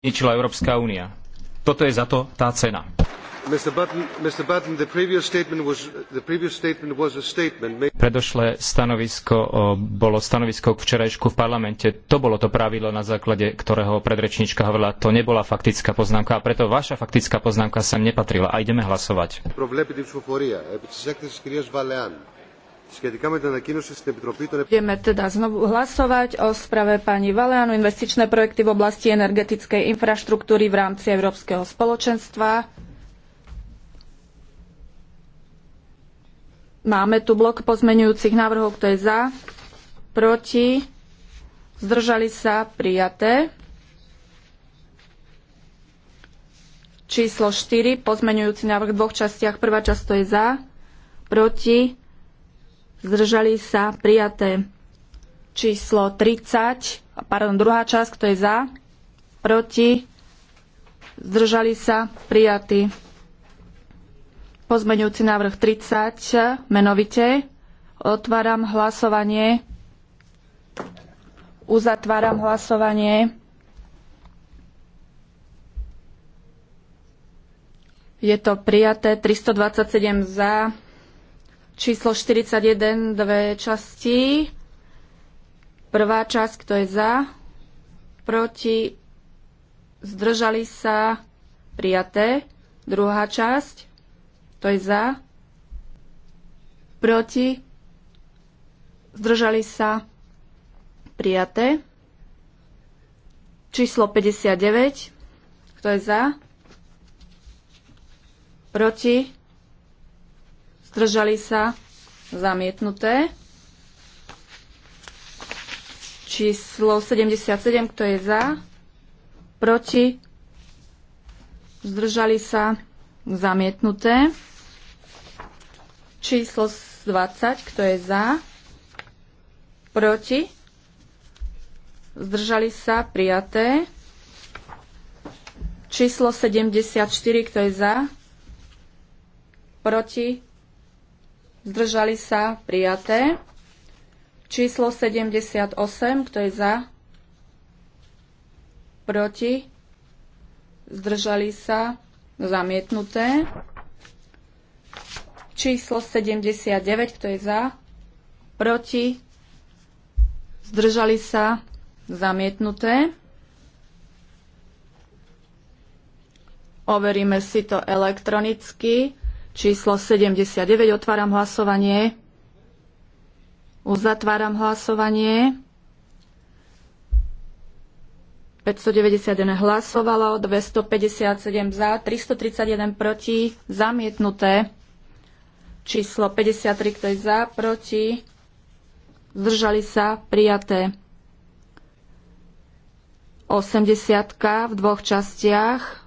zničila Európska únia. Toto je za to tá cena. Predošlé stanovisko bolo stanovisko k včerajšku v parlamente. To bolo to pravidlo, na základe ktorého predrečníčka hovorila. To nebola faktická poznámka a preto vaša faktická poznámka sem nepatrila. A ideme hlasovať. Budeme teda znovu hlasovať o správe pani Valeanu investičné projekty v oblasti energetickej infraštruktúry v rámci Európskeho spoločenstva. Máme tu blok pozmeňujúcich návrhov, kto je za, proti, zdržali sa, prijaté. Číslo 4, pozmenujúci návrh v dvoch častiach. Prvá časť to je za, proti, zdržali sa, prijaté číslo 30, pardon, druhá časť, kto je za, proti, zdržali sa, prijatý. Pozmeňujúci návrh 30, menovite. Otváram hlasovanie. Uzatváram hlasovanie. Je to prijaté 327 za, Číslo 41, dve časti. Prvá časť, kto je za, proti, zdržali sa, prijaté. Druhá časť, kto je za, proti, zdržali sa, prijaté. Číslo 59, kto je za, proti, Zdržali sa? Zamietnuté. Číslo 77, kto je za? Proti? Zdržali sa? Zamietnuté. Číslo 20, kto je za? Proti? Zdržali sa? Prijaté. Číslo 74, kto je za? Proti? zdržali sa, prijaté. Číslo 78, kto je za, proti, zdržali sa, zamietnuté. Číslo 79, kto je za, proti, zdržali sa, zamietnuté. Overíme si to elektronicky číslo 79. Otváram hlasovanie. Uzatváram hlasovanie. 591 hlasovalo, 257 za, 331 proti, zamietnuté. Číslo 53, kto je za, proti, zdržali sa, prijaté. 80 v dvoch častiach.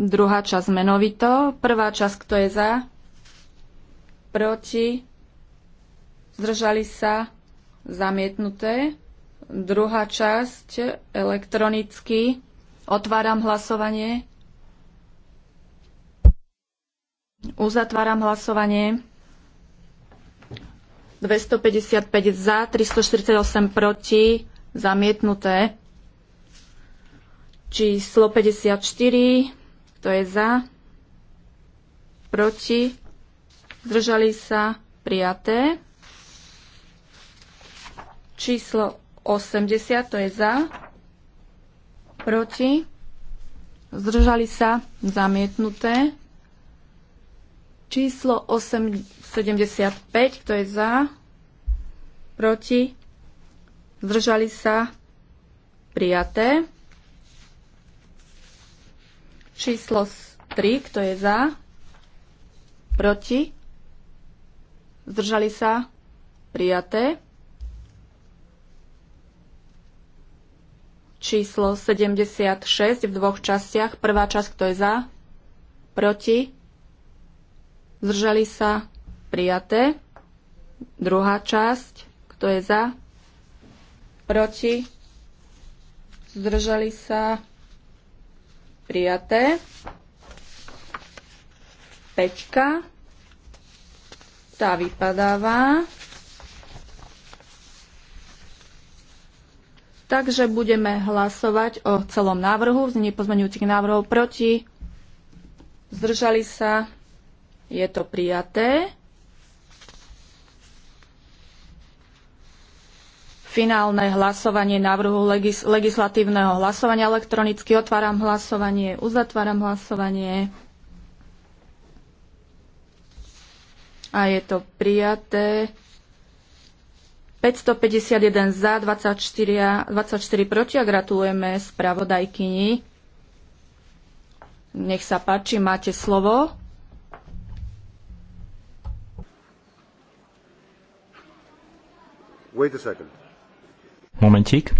Druhá časť menovito. Prvá časť, kto je za? Proti? Zdržali sa? Zamietnuté. Druhá časť elektronicky. Otváram hlasovanie. Uzatváram hlasovanie. 255 za, 348 proti, zamietnuté. Číslo 54 kto je za? Proti? Zdržali sa? Prijaté. Číslo 80, to je za. Proti? Zdržali sa? Zamietnuté. Číslo 8, 75, kto je za? Proti? Zdržali sa? Prijaté. Číslo 3, kto je za? Proti? Zdržali sa? Prijaté. Číslo 76 v dvoch častiach. Prvá časť, kto je za? Proti? Zdržali sa? Prijaté. Druhá časť, kto je za? Proti? Zdržali sa? prijaté. Peťka, tá vypadáva. Takže budeme hlasovať o celom návrhu, z nepozmenujúcich návrhov proti. Zdržali sa. Je to prijaté. finálne hlasovanie návrhu legis- legislatívneho hlasovania. Elektronicky otváram hlasovanie, uzatváram hlasovanie. A je to prijaté. 551 za, 24, 24 proti a gratulujeme spravodajkyni. Nech sa páči, máte slovo. Wait a second. Momentík.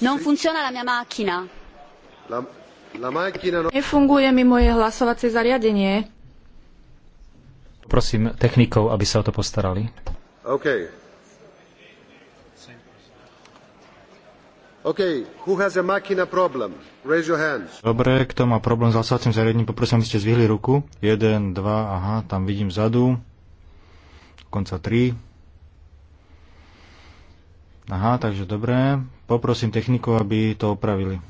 Non funziona la mia macchina. La, la macchina non... Nefunguje mi moje hlasovacie zariadenie. Prosím technikov, aby sa o to postarali. OK. OK, who has a machina problem? Raise your hands. Dobre, kto má problém s hlasovacím zariadením, poprosím, aby ste zvihli ruku. 1, 2, aha, tam vidím vzadu konca 3. Aha, takže dobré. Poprosím techniku, aby to opravili.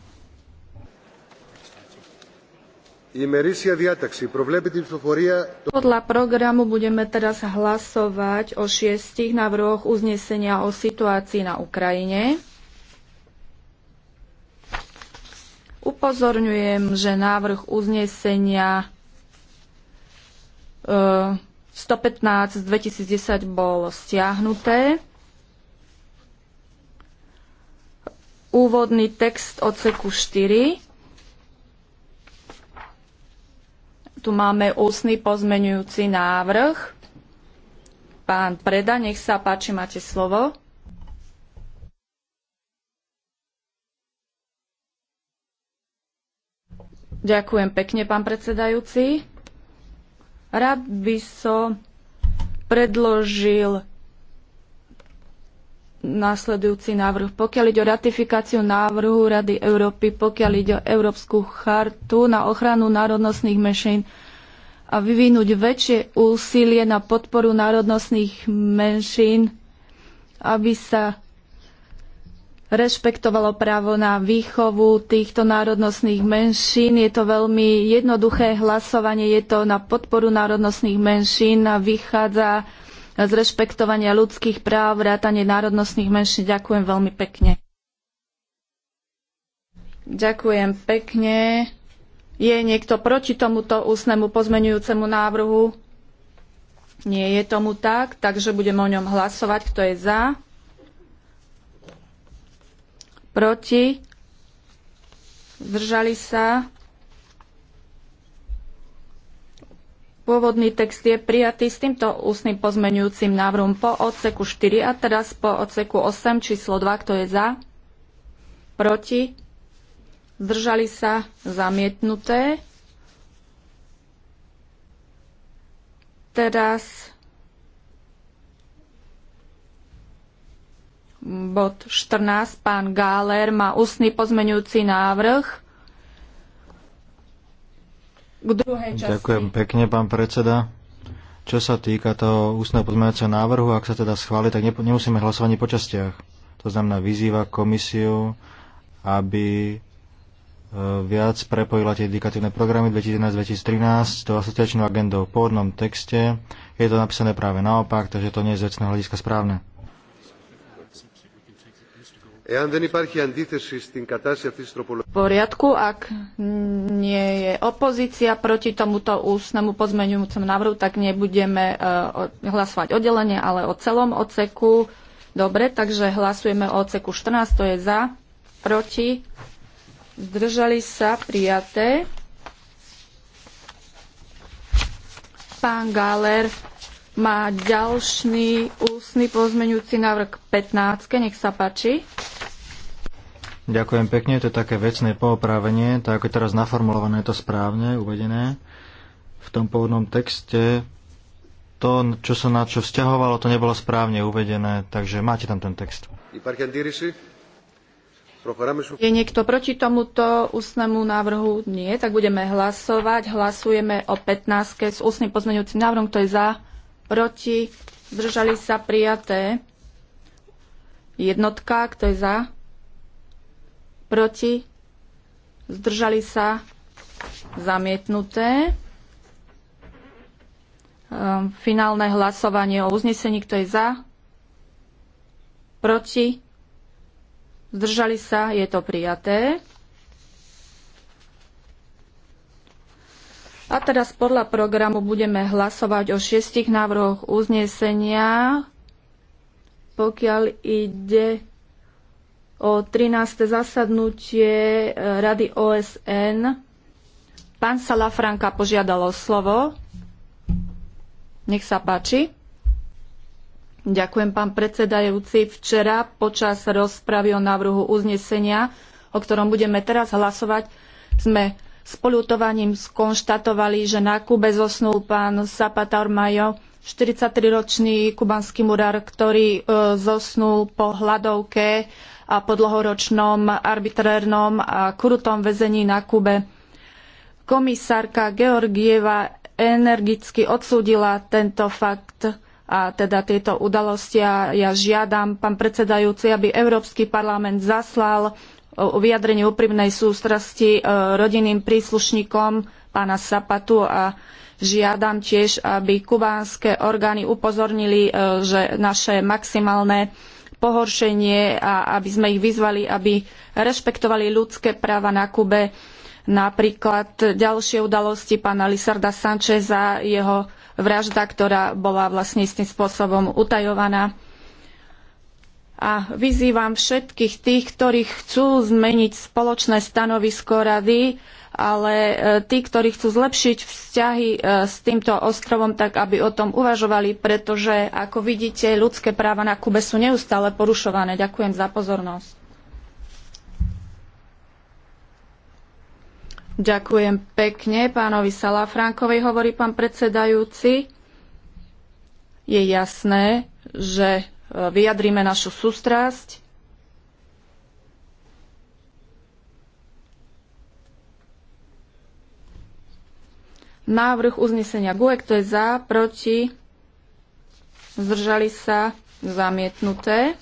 Podľa programu budeme teraz hlasovať o šiestich návrhoch uznesenia o situácii na Ukrajine. Upozorňujem, že návrh uznesenia e, 115 z 2010 bol stiahnuté. Úvodný text odseku 4. Tu máme ústny pozmenujúci návrh. Pán Preda, nech sa páči, máte slovo. Ďakujem pekne, pán predsedajúci. Rád by som predložil následujúci návrh. Pokiaľ ide o ratifikáciu návrhu Rady Európy, pokiaľ ide o Európsku chartu na ochranu národnostných menšín a vyvinúť väčšie úsilie na podporu národnostných menšín, aby sa rešpektovalo právo na výchovu týchto národnostných menšín. Je to veľmi jednoduché hlasovanie, je to na podporu národnostných menšín a vychádza z rešpektovania ľudských práv, vrátanie národnostných menšín. Ďakujem veľmi pekne. Ďakujem pekne. Je niekto proti tomuto ústnemu pozmenujúcemu návrhu? Nie je tomu tak, takže budeme o ňom hlasovať. Kto je za? proti, zdržali sa. Pôvodný text je prijatý s týmto ústnym pozmenujúcim návrhom po odseku 4 a teraz po odseku 8 číslo 2, kto je za, proti, zdržali sa, zamietnuté. Teraz bod 14. Pán Gáler má ústny pozmenujúci návrh. K druhej časti. Ďakujem pekne, pán predseda. Čo sa týka toho ústneho pozmenujúceho návrhu, ak sa teda schváli, tak nemusíme hlasovať po častiach. To znamená, vyzýva komisiu, aby e, viac prepojila tie indikatívne programy 2011-2013 do asociačnou agendou v pôvodnom texte. Je to napísané práve naopak, takže to nie je z vecného hľadiska správne. V poriadku, ak nie je opozícia proti tomuto ústnemu pozmeňujúcemu návrhu, tak nebudeme e, hlasovať oddelenie, ale o celom oceku. Dobre, takže hlasujeme o oceku 14, to je za, proti, zdržali sa, prijaté. Pán Galer má ďalší ústny pozmeňujúci návrh 15, nech sa páči. Ďakujem pekne, to je také vecné poopravenie, tak ako je teraz naformulované, je to správne uvedené. V tom pôvodnom texte to, čo sa na čo vzťahovalo, to nebolo správne uvedené, takže máte tam ten text. Je niekto proti tomuto ústnemu návrhu? Nie, tak budeme hlasovať. Hlasujeme o 15 s ústnym pozmeňujúcim návrhom, kto je za, proti, zdržali sa prijaté. Jednotka, kto je za? proti, zdržali sa, zamietnuté. Ehm, finálne hlasovanie o uznesení, kto je za, proti, zdržali sa, je to prijaté. A teraz podľa programu budeme hlasovať o šiestich návrhoch uznesenia, pokiaľ ide o 13. zasadnutie e, Rady OSN. Pán Salafranka požiadal o slovo. Nech sa páči. Ďakujem, pán predsedajúci. Včera počas rozpravy o návrhu uznesenia, o ktorom budeme teraz hlasovať, sme s poľutovaním skonštatovali, že na Kube zosnul pán Zapata Majo 43-ročný kubanský murár, ktorý e, zosnul po hladovke a po dlhoročnom arbitrérnom a krutom väzení na Kube. Komisárka Georgieva energicky odsúdila tento fakt a teda tieto udalosti a ja žiadam pán predsedajúci, aby Európsky parlament zaslal vyjadrenie úprimnej sústrasti e, rodinným príslušníkom pána Sapatu a žiadam tiež, aby kubánske orgány upozornili, e, že naše maximálne pohoršenie a aby sme ich vyzvali, aby rešpektovali ľudské práva na Kube. Napríklad ďalšie udalosti pána Lisarda Sancheza, jeho vražda, ktorá bola vlastne istým spôsobom utajovaná. A vyzývam všetkých tých, ktorí chcú zmeniť spoločné stanovisko rady, ale e, tí, ktorí chcú zlepšiť vzťahy e, s týmto ostrovom, tak aby o tom uvažovali, pretože, ako vidíte, ľudské práva na Kube sú neustále porušované. Ďakujem za pozornosť. Ďakujem pekne pánovi Salafránkovi, hovorí pán predsedajúci. Je jasné, že e, vyjadríme našu sústrasť Návrh uznesenia GUE, kto je za, proti, zdržali sa, zamietnuté.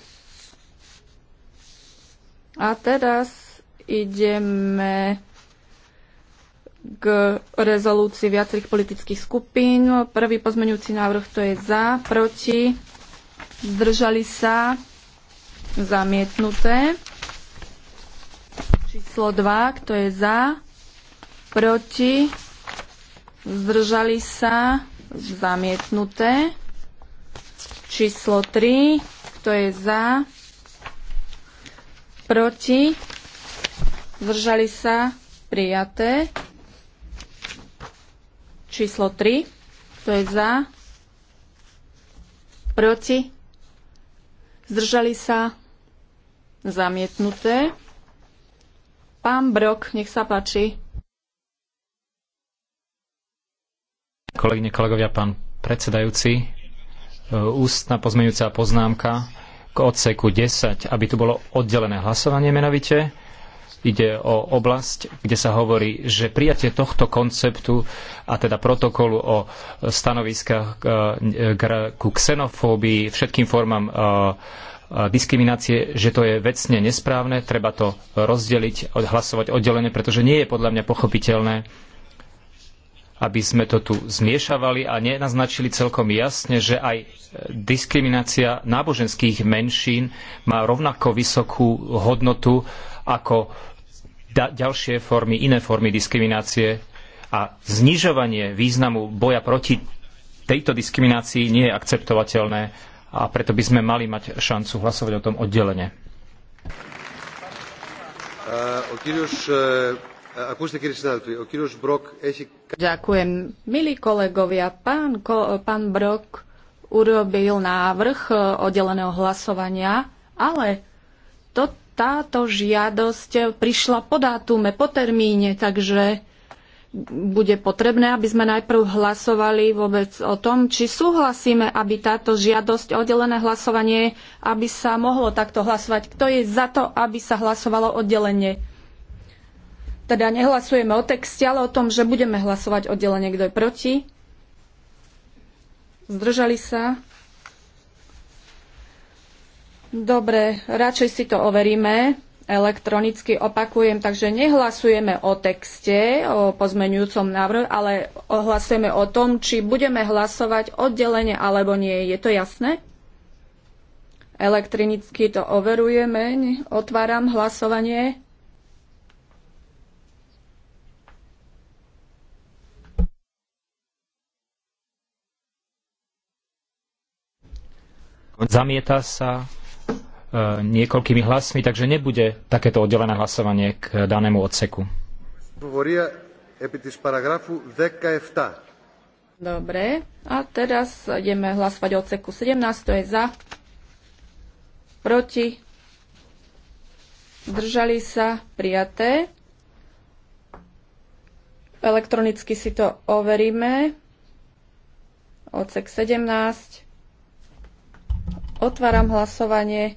A teraz ideme k rezolúcii viacerých politických skupín. Prvý pozmeňujúci návrh to je za, proti, zdržali sa, zamietnuté. Číslo 2, kto je za, proti, zdržali sa, zamietnuté. Číslo 3, kto je za, proti, zdržali sa, prijaté. Číslo 3, kto je za, proti, zdržali sa, zamietnuté. Pán Brok, nech sa páči. Kolegyne, kolegovia, pán predsedajúci, e, ústna pozmeňujúca poznámka k odseku 10, aby tu bolo oddelené hlasovanie menovite. Ide o oblasť, kde sa hovorí, že prijatie tohto konceptu a teda protokolu o stanoviskách e, ku xenofóbii, všetkým formám e, diskriminácie, že to je vecne nesprávne, treba to rozdeliť, hlasovať oddelené, pretože nie je podľa mňa pochopiteľné, aby sme to tu zmiešavali a nenaznačili celkom jasne, že aj diskriminácia náboženských menšín má rovnako vysokú hodnotu ako ďalšie formy, iné formy diskriminácie a znižovanie významu boja proti tejto diskriminácii nie je akceptovateľné a preto by sme mali mať šancu hlasovať o tom oddelenie. Uh, eh, Ďakujem. Milí kolegovia, pán, Brok urobil návrh e, oddeleného hlasovania, ale táto žiadosť prišla po dátume, po termíne, takže bude potrebné, aby sme najprv hlasovali vôbec o tom, či súhlasíme, aby táto žiadosť oddelené hlasovanie, aby sa mohlo takto hlasovať. Kto je za to, aby sa hlasovalo oddelenie? Teda nehlasujeme o texte, ale o tom, že budeme hlasovať oddelenie, kto je proti. Zdržali sa. Dobre, radšej si to overíme elektronicky, opakujem, takže nehlasujeme o texte, o pozmenujúcom návrhu, ale hlasujeme o tom, či budeme hlasovať oddelenie alebo nie. Je to jasné? Elektronicky to overujeme. Otváram hlasovanie. Zamieta sa e, niekoľkými hlasmi, takže nebude takéto oddelené hlasovanie k danému odseku. Dobre, a teraz ideme hlasovať o odseku 17, to je za, proti, držali sa, prijaté. Elektronicky si to overíme. Odsek 17. Otváram hlasovanie.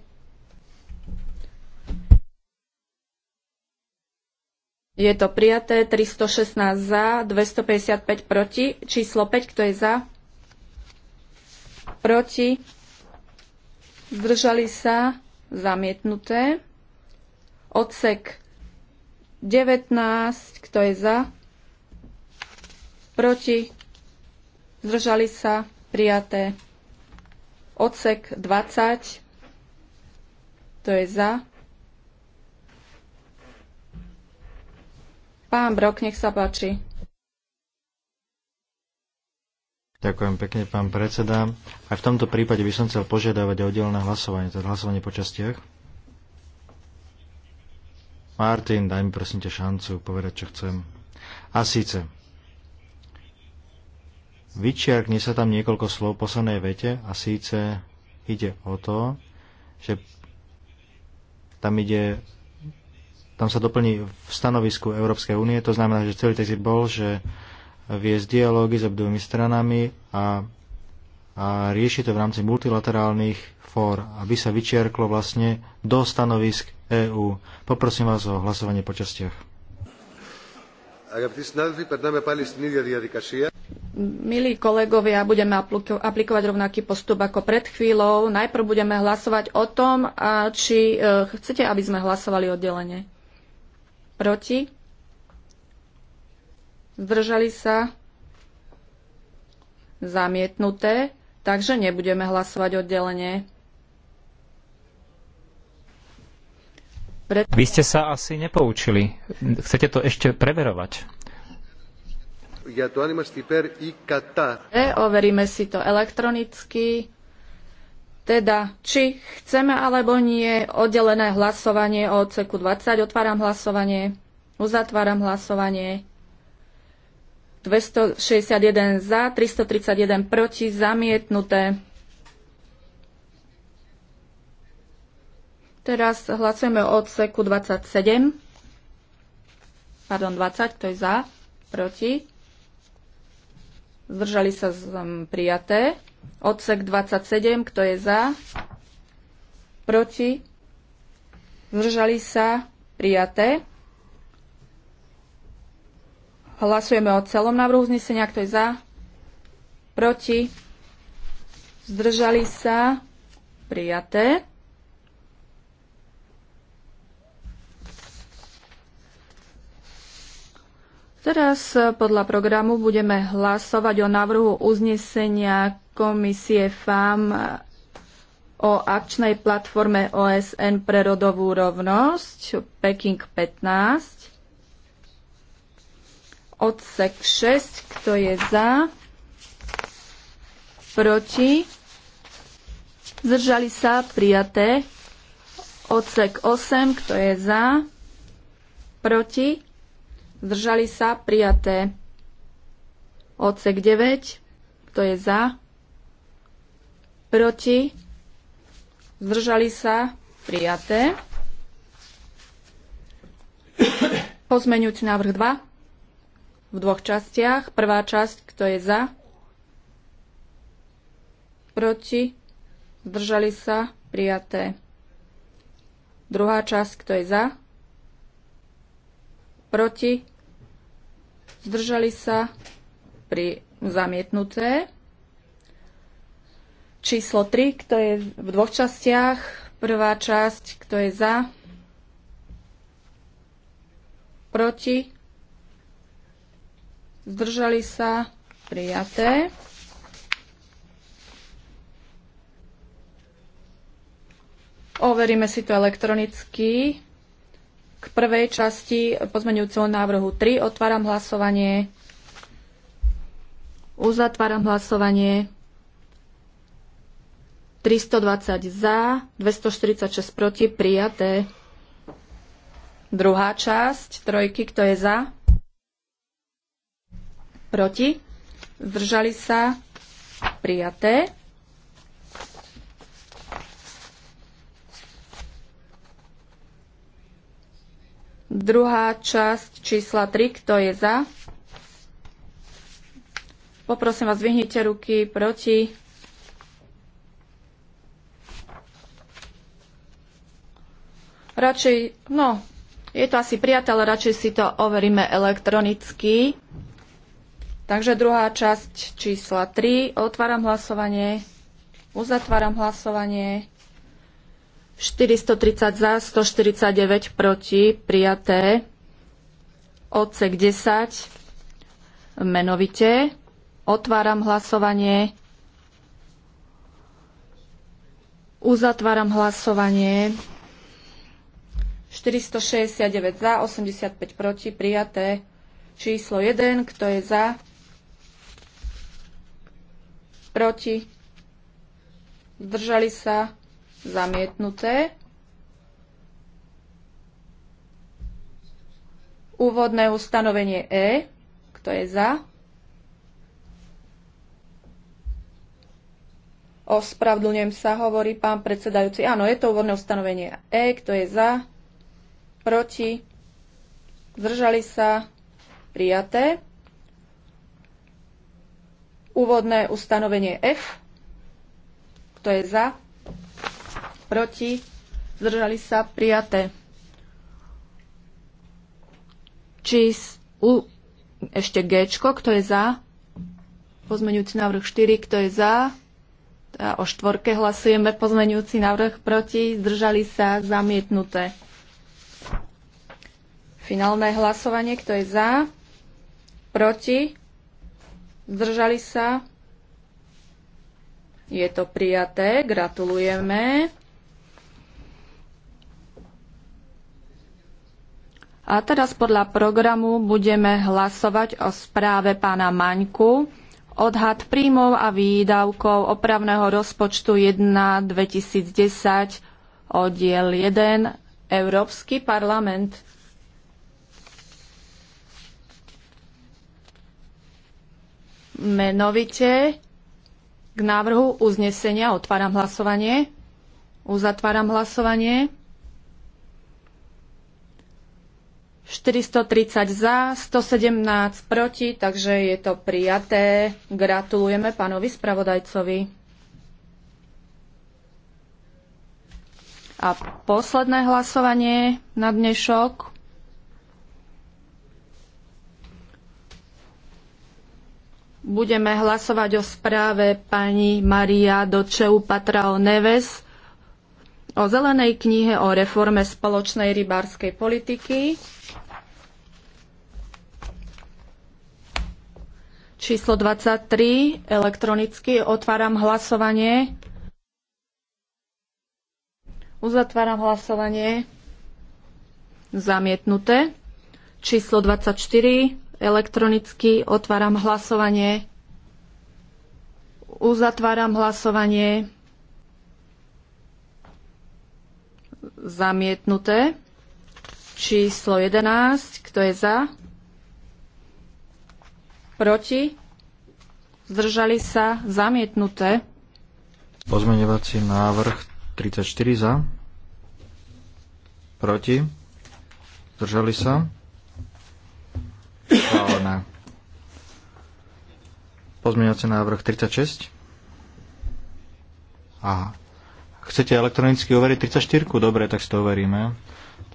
Je to prijaté 316 za, 255 proti. Číslo 5, kto je za? Proti. Zdržali sa. Zamietnuté. Odsek 19, kto je za? Proti. Zdržali sa. Prijaté. Odsek 20. To je za. Pán Brok, nech sa páči. Ďakujem pekne, pán predseda. Aj v tomto prípade by som chcel požiadavať o oddelené hlasovanie, teda hlasovanie po častiach. Martin, daj mi prosím ťa šancu povedať, čo chcem. A síce, vyčiarkne sa tam niekoľko slov v poslednej vete a síce ide o to, že tam ide tam sa doplní v stanovisku Európskej únie, to znamená, že celý text bol, že viesť dialógy s obdobými stranami a, a rieši to v rámci multilaterálnych fór, aby sa vyčiarklo vlastne do stanovisk EÚ. Poprosím vás o hlasovanie po častiach. Milí kolegovia, budeme aplikovať rovnaký postup ako pred chvíľou. Najprv budeme hlasovať o tom, či e, chcete, aby sme hlasovali oddelenie. Proti? Zdržali sa? Zamietnuté. Takže nebudeme hlasovať oddelenie. Pred... Vy ste sa asi nepoučili. Chcete to ešte preverovať? Overíme si to elektronicky. Teda, či chceme alebo nie oddelené hlasovanie o odseku 20. Otváram hlasovanie. Uzatváram hlasovanie. 261 za, 331 proti, zamietnuté. Teraz hlasujeme o odseku 27. Pardon, 20, kto je za, proti zdržali sa prijaté. Odsek 27, kto je za, proti, zdržali sa prijaté. Hlasujeme o celom návrhu uznesenia, kto je za, proti, zdržali sa prijaté. Teraz eh, podľa programu budeme hlasovať o návrhu uznesenia komisie FAM eh, o akčnej platforme OSN pre rodovú rovnosť Peking 15 odsek 6 kto je za proti zdržali sa prijaté odsek 8 kto je za proti zdržali sa, prijaté. Odsek 9, kto je za, proti, zdržali sa, prijaté. Pozmeňujúci návrh 2 v dvoch častiach. Prvá časť, kto je za, proti, zdržali sa, prijaté. Druhá časť, kto je za, proti, zdržali sa pri zamietnuté. Číslo 3, kto je v dvoch častiach. Prvá časť, kto je za, proti, zdržali sa, prijaté. Overíme si to elektronicky. K prvej časti pozmeňujúceho návrhu 3 otváram hlasovanie. Uzatváram hlasovanie. 320 za, 246 proti, prijaté. Druhá časť trojky, kto je za? Proti? Zdržali sa? Prijaté. Druhá časť čísla 3, kto je za? Poprosím vás, vyhnite ruky proti. Radšej, no, je to asi priateľ, ale radšej si to overíme elektronicky. Takže druhá časť čísla 3. Otváram hlasovanie. Uzatváram hlasovanie. 430 za, 149 proti, prijaté. Odsek 10, menovite. Otváram hlasovanie. Uzatváram hlasovanie. 469 za, 85 proti, prijaté. Číslo 1, kto je za? Proti? Zdržali sa? zamietnuté. Úvodné ustanovenie E, kto je za? Ospravdlňujem sa, hovorí pán predsedajúci. Áno, je to úvodné ustanovenie E, kto je za? Proti? Zdržali sa? Prijaté. Úvodné ustanovenie F. Kto je za? proti, zdržali sa prijaté. Či U, ešte G, kto je za, pozmeňujúci návrh 4, kto je za, a o štvorke hlasujeme pozmeňujúci návrh proti, zdržali sa zamietnuté. Finálne hlasovanie, kto je za, proti, zdržali sa, je to prijaté, gratulujeme. A teraz podľa programu budeme hlasovať o správe pána Maňku. Odhad príjmov a výdavkov opravného rozpočtu 1 2010 oddiel 1 Európsky parlament. Menovite k návrhu uznesenia otváram hlasovanie. Uzatváram hlasovanie. 430 za, 117 proti, takže je to prijaté. Gratulujeme pánovi spravodajcovi. A posledné hlasovanie na dnešok. Budeme hlasovať o správe pani Maria Dočeu Patrao Neves o zelenej knihe o reforme spoločnej rybárskej politiky. Číslo 23 elektronicky. Otváram hlasovanie. Uzatváram hlasovanie. Zamietnuté. Číslo 24 elektronicky. Otváram hlasovanie. Uzatváram hlasovanie. Zamietnuté. Číslo 11. Kto je za? Proti? Zdržali sa? Zamietnuté. Pozmeňovací návrh 34 za. Proti? Zdržali sa? Schválené. Pozmeňovací návrh 36. Aha. Chcete elektronicky overiť 34? Dobre, tak si to overíme.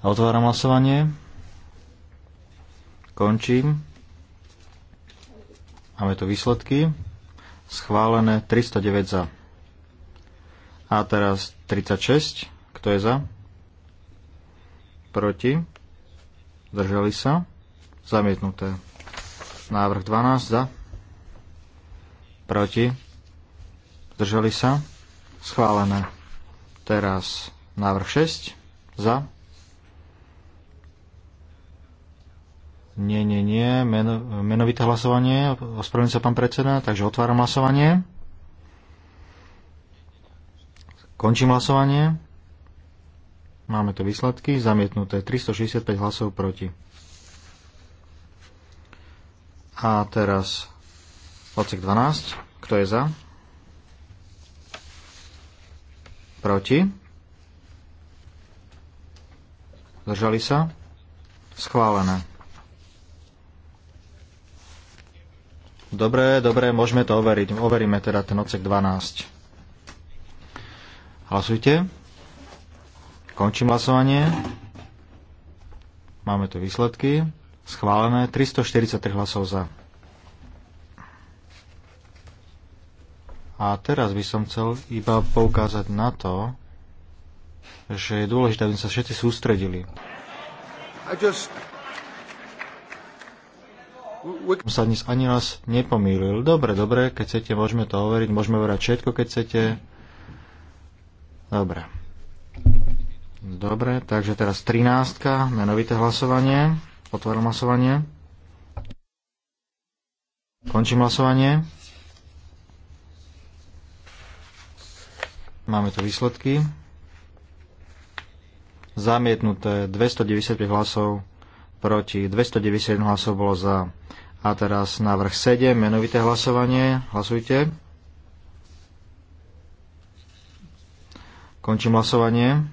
Otváram hlasovanie. Končím. Máme tu výsledky. Schválené 309 za. A teraz 36. Kto je za? Proti. Zdržali sa. Zamietnuté. Návrh 12 za. Proti. Zdržali sa. Schválené. Teraz návrh 6 za Nie, nie, nie. Meno, menovité hlasovanie. Ospravedlňujem sa, pán predseda. Takže otváram hlasovanie. Končím hlasovanie. Máme tu výsledky. Zamietnuté 365 hlasov proti. A teraz odsek 12. Kto je za? Proti? Zdržali sa? Schválené. Dobre, dobre, môžeme to overiť. Overíme teda ten odsek 12. Hlasujte. Končím hlasovanie. Máme tu výsledky. Schválené 343 hlasov za. A teraz by som chcel iba poukázať na to, že je dôležité, aby sme sa všetci sústredili. I just sa dnes ani nás nepomýlil. Dobre, dobre, keď chcete, môžeme to overiť, môžeme overať všetko, keď chcete. Dobre. Dobre, takže teraz 13. menovité hlasovanie. Otvorím hlasovanie. Končím hlasovanie. Máme tu výsledky. Zamietnuté 295 hlasov proti, 291 hlasov bolo za. A teraz návrh 7, menovité hlasovanie. Hlasujte. Končím hlasovanie.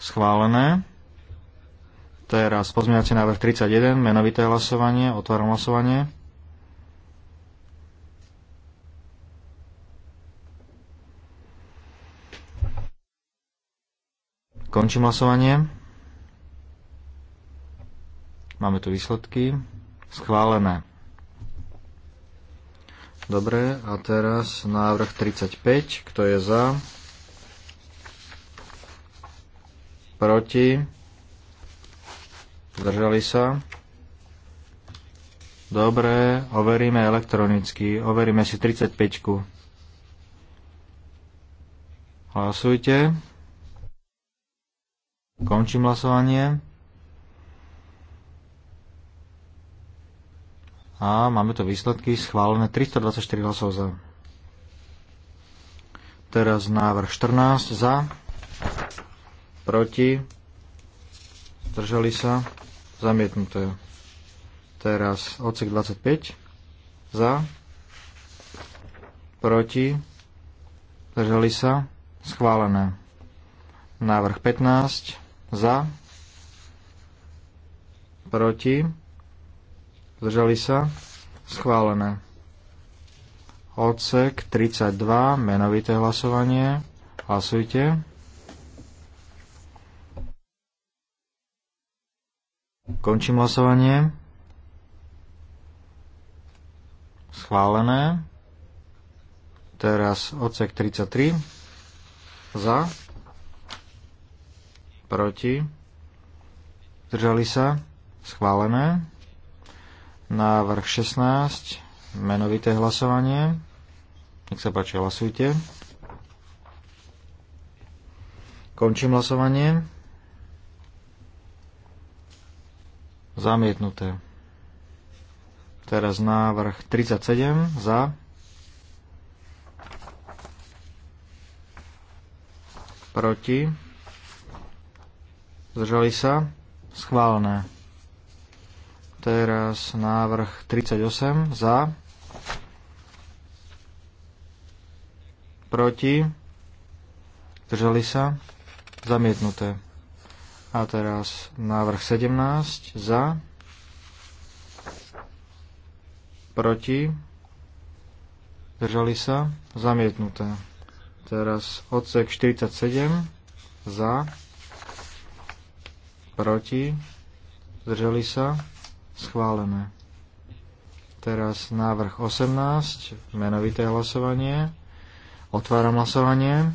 Schválené. Teraz pozmeňovací návrh 31, menovité hlasovanie. Otváram hlasovanie. Končím hlasovanie. Máme tu výsledky. Schválené. Dobre, a teraz návrh 35. Kto je za? Proti? Zdržali sa? Dobre, overíme elektronicky. Overíme si 35. Hlasujte. Hlasujte. Končím hlasovanie. A máme to výsledky schválené 324 hlasov za. Teraz návrh 14 za, proti, zdržali sa, zamietnuté. Teraz odsek 25 za, proti, zdržali sa, schválené. Návrh 15 za, proti, zdržali sa, schválené. Odsek 32, menovité hlasovanie, hlasujte. Končím hlasovanie. Schválené. Teraz odsek 33. Za proti, zdržali sa, schválené. Návrh 16, menovité hlasovanie. Nech sa páči, hlasujte. Končím hlasovanie. Zamietnuté. Teraz návrh 37 za. Proti. Zdržali sa? Schválené. Teraz návrh 38 za. Proti. Zdržali sa? Zamietnuté. A teraz návrh 17 za. Proti. Zdržali sa? Zamietnuté. Teraz odsek 47 za proti, zdrželi sa, schválené. Teraz návrh 18, menovité hlasovanie. Otváram hlasovanie.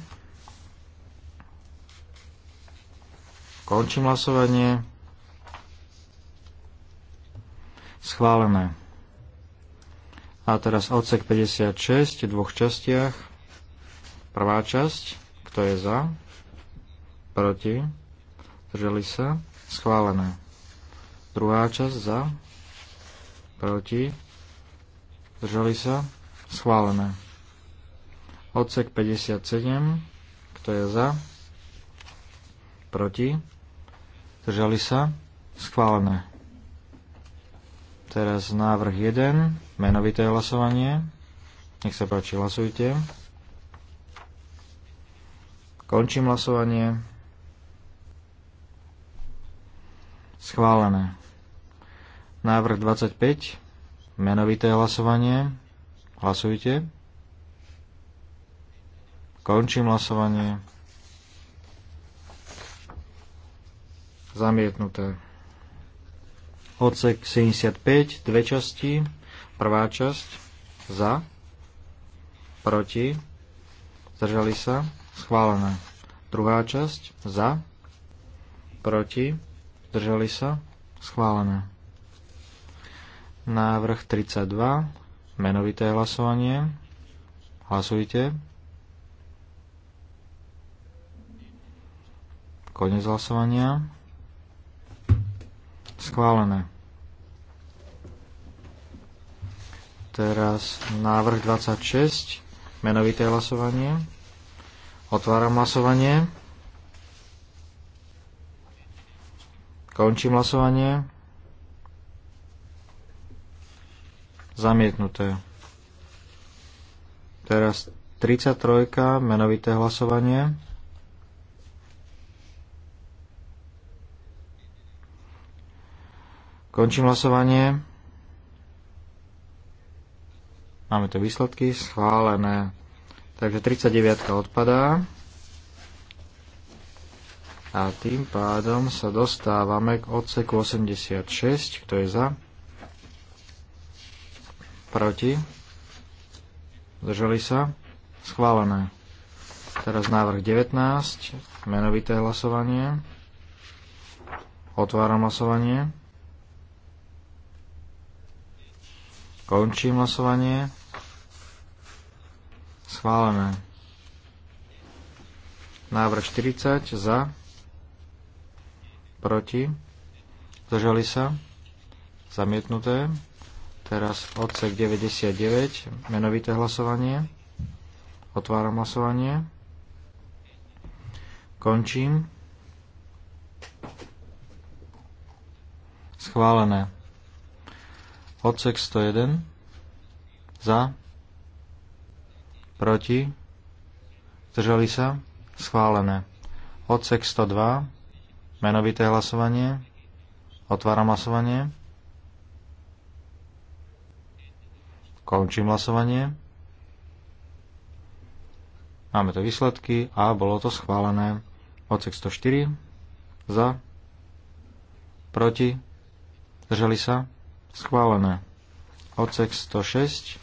Končím hlasovanie. Schválené. A teraz odsek 56 v dvoch častiach. Prvá časť, kto je za, proti, drželi sa, Schválené. Druhá časť za. Proti. Zdržali sa. Schválené. Odsek 57. Kto je za? Proti. Zdržali sa. Schválené. Teraz návrh 1. Menovité hlasovanie. Nech sa páči, hlasujte. Končím hlasovanie. Schválené. Návrh 25. Menovité hlasovanie. Hlasujte. Končím hlasovanie. Zamietnuté. Odsek 75, dve časti. Prvá časť za, proti, zdržali sa, schválené. Druhá časť za, proti, Zdržali sa? Schválené. Návrh 32. Menovité hlasovanie. Hlasujte. Konec hlasovania. Schválené. Teraz návrh 26. Menovité hlasovanie. Otváram hlasovanie. Končím hlasovanie. Zamietnuté. Teraz 33. menovité hlasovanie. Končím hlasovanie. Máme tu výsledky schválené. Takže 39 odpadá. A tým pádom sa dostávame k odseku 86, kto je za? Proti? Zdržali sa? Schválené. Teraz návrh 19, menovité hlasovanie. Otváram hlasovanie. Končím hlasovanie. Schválené. Návrh 40 za proti, zdržali sa, zamietnuté. Teraz odsek 99, menovité hlasovanie. Otváram hlasovanie. Končím. Schválené. Odsek 101. Za. Proti. Zdržali sa. Schválené. Odsek 102. Menovité hlasovanie. Otváram hlasovanie. Končím hlasovanie. Máme to výsledky a bolo to schválené. Odsek 104. Za. Proti. Zdržali sa. Schválené. Odsek 106.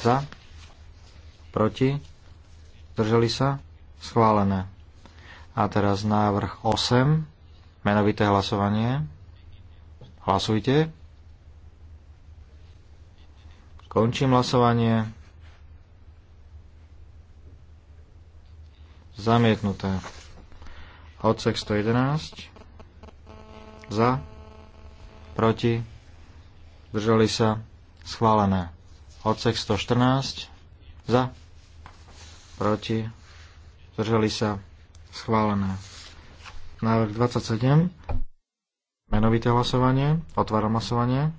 Za. Proti. Zdržali sa. Schválené. A teraz návrh 8, menovité hlasovanie. Hlasujte. Končím hlasovanie. Zamietnuté. Odsek 111. Za. Proti. Držali sa. Schválené. Odsek 114. Za. Proti. Držali sa. Schválené. Návrh 27. Menovité hlasovanie. Otváram hlasovanie.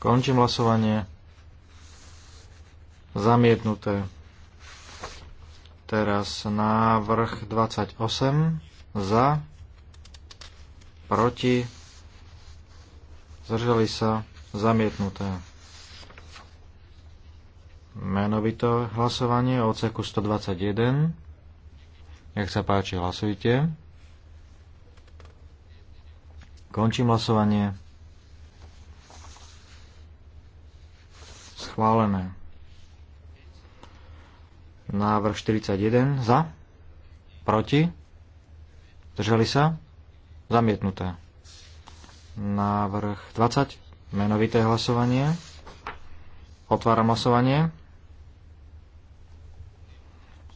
Končím hlasovanie. Zamietnuté. Teraz návrh 28. Za. Proti. Zdržali sa. Zamietnuté menovito hlasovanie o odseku 121. Jak sa páči, hlasujte. Končím hlasovanie. Schválené. Návrh 41 za. Proti. Držali sa. Zamietnuté. Návrh 20. Menovité hlasovanie. Otváram hlasovanie.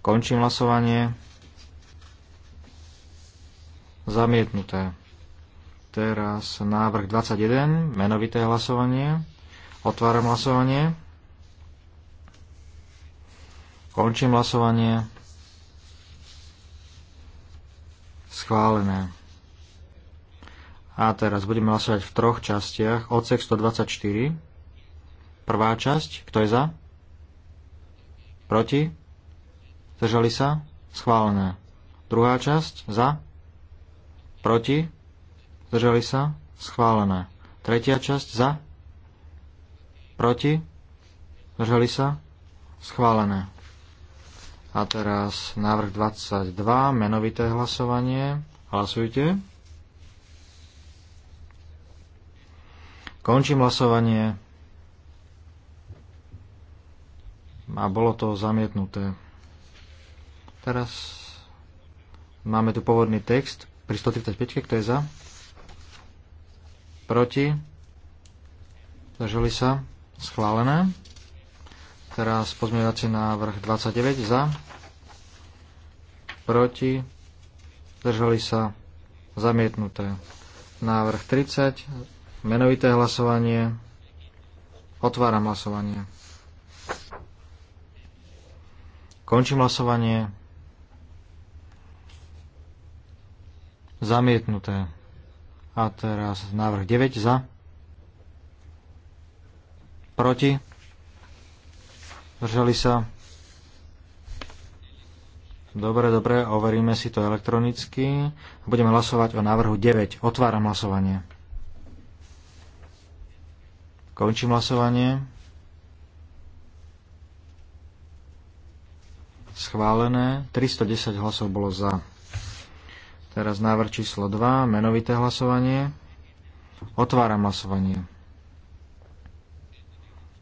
Končím hlasovanie. Zamietnuté. Teraz návrh 21, menovité hlasovanie. Otváram hlasovanie. Končím hlasovanie. Schválené. A teraz budeme hlasovať v troch častiach. Odsek 124. Prvá časť. Kto je za? Proti? Zdržali sa? Schválené. Druhá časť za? Proti? Zdržali sa? Schválené. Tretia časť za? Proti? Zdržali sa? Schválené. A teraz návrh 22, menovité hlasovanie. Hlasujte. Končím hlasovanie. A bolo to zamietnuté. Teraz máme tu pôvodný text pri 135, kto je za? Proti? Zdržali sa? Schválené. Teraz pozmeňovací návrh 29 za. Proti? držali sa? Zamietnuté. Návrh 30. Menovité hlasovanie. Otváram hlasovanie. Končím hlasovanie. Zamietnuté. A teraz návrh 9 za. Proti. Držali sa. Dobre, dobre, overíme si to elektronicky. Budeme hlasovať o návrhu 9. Otváram hlasovanie. Končím hlasovanie. Schválené. 310 hlasov bolo za. Teraz návrh číslo 2, menovité hlasovanie. Otváram hlasovanie.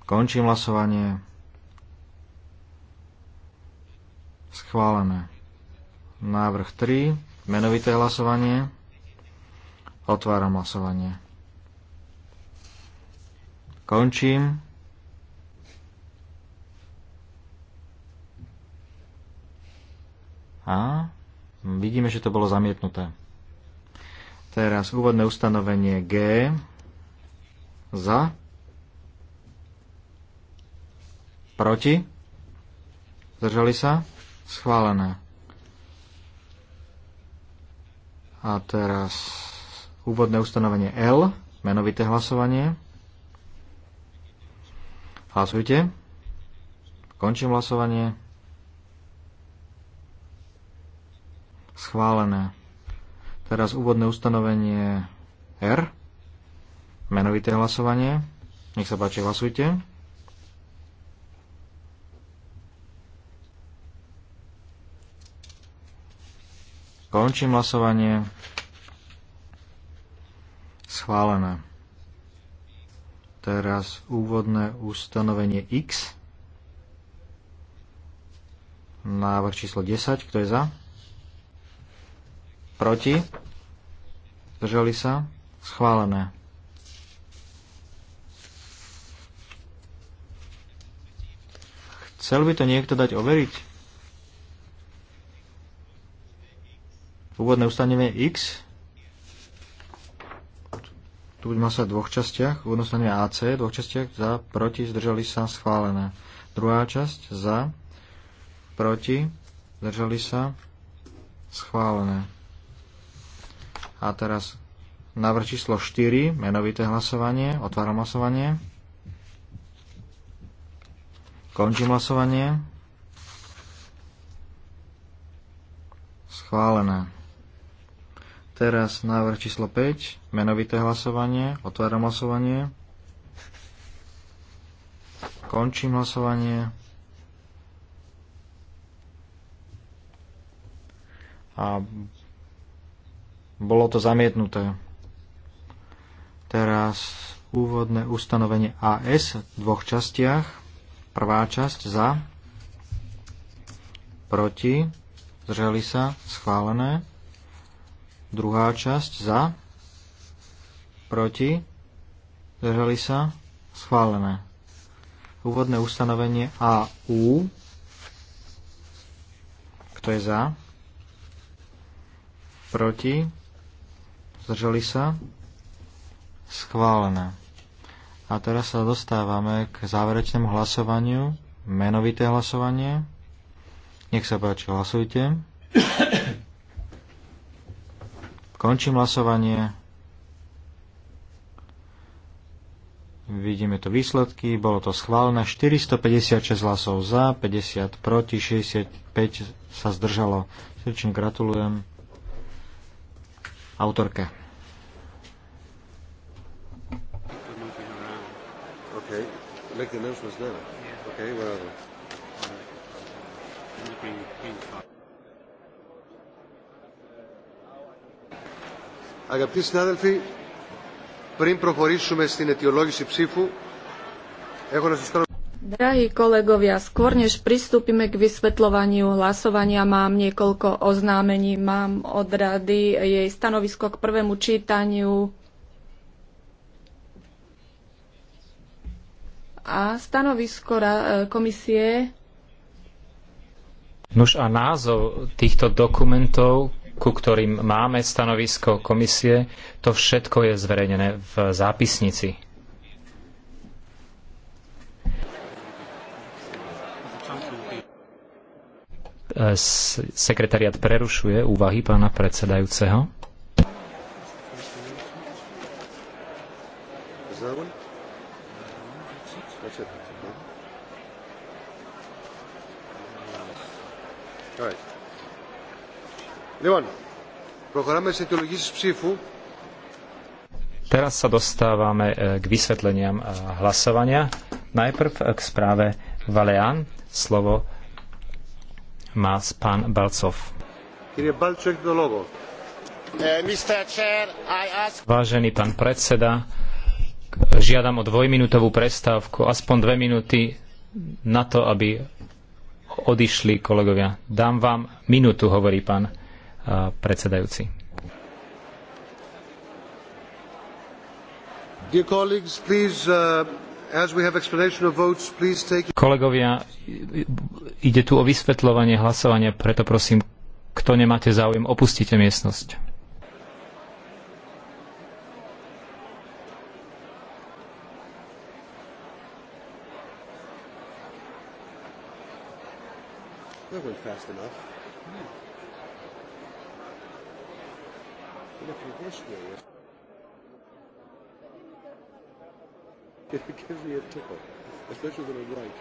Končím hlasovanie. Schválené. Návrh 3, menovité hlasovanie. Otváram hlasovanie. Končím. A Vidíme, že to bolo zamietnuté. Teraz úvodné ustanovenie G. Za. Proti. Zdržali sa? Schválené. A teraz úvodné ustanovenie L, menovité hlasovanie. Hlasujte. Končím hlasovanie. Schválené. Teraz úvodné ustanovenie R. Menovité hlasovanie. Nech sa páči, hlasujte. Končím hlasovanie. Schválené. Teraz úvodné ustanovenie X. Návrh číslo 10. Kto je za? Proti? Zdržali sa? Schválené. Chcel by to niekto dať overiť? Úvodné ustanovenie X. Tu budeme sa v dvoch častiach. Úvodné ustanovenie AC, v dvoch častiach. Za, proti, zdržali sa, schválené. Druhá časť, za, proti, zdržali sa, schválené. A teraz návrh číslo 4, menovité hlasovanie. Otváram hlasovanie. Končím hlasovanie. Schválené. Teraz návrh číslo 5, menovité hlasovanie. Otváram hlasovanie. Končím hlasovanie. A bolo to zamietnuté. Teraz úvodné ustanovenie AS v dvoch častiach. Prvá časť za, proti, zdržali sa, schválené. Druhá časť za, proti, zdržali sa, schválené. Úvodné ustanovenie AU. Kto je za? Proti, Zdržali sa? Schválené. A teraz sa dostávame k záverečnému hlasovaniu, menovité hlasovanie. Nech sa páči, hlasujte. Končím hlasovanie. Vidíme tu výsledky, bolo to schválené. 456 hlasov za, 50 proti, 65 sa zdržalo. Srdečne gratulujem autorka. Αγαπητοί συνάδελφοι, πριν προχωρήσουμε στην αιτιολόγηση ψήφου, έχω να σας κάνω... Drahí kolegovia, skôr než pristúpime k vysvetľovaniu hlasovania, mám niekoľko oznámení. Mám od rady jej stanovisko k prvému čítaniu a stanovisko komisie. Nož a názov týchto dokumentov, ku ktorým máme stanovisko komisie, to všetko je zverejnené v zápisnici. Sekretariat prerušuje úvahy pána predsedajúceho. Teraz sa dostávame e, k vysvetleniam e, hlasovania. Najprv e, k správe Valean. Slovo má pán Balcov. Vážený pán predseda, žiadam o dvojminútovú prestávku, aspoň dve minúty na to, aby odišli kolegovia. Dám vám minútu, hovorí pán predsedajúci. Dear colleagues, please uh, Kolegovia, ide tu o vysvetľovanie hlasovania, preto prosím, kto nemáte záujem, opustite miestnosť. enough. Yeah. Well, if you were It gives me a tickle, especially when I'm right.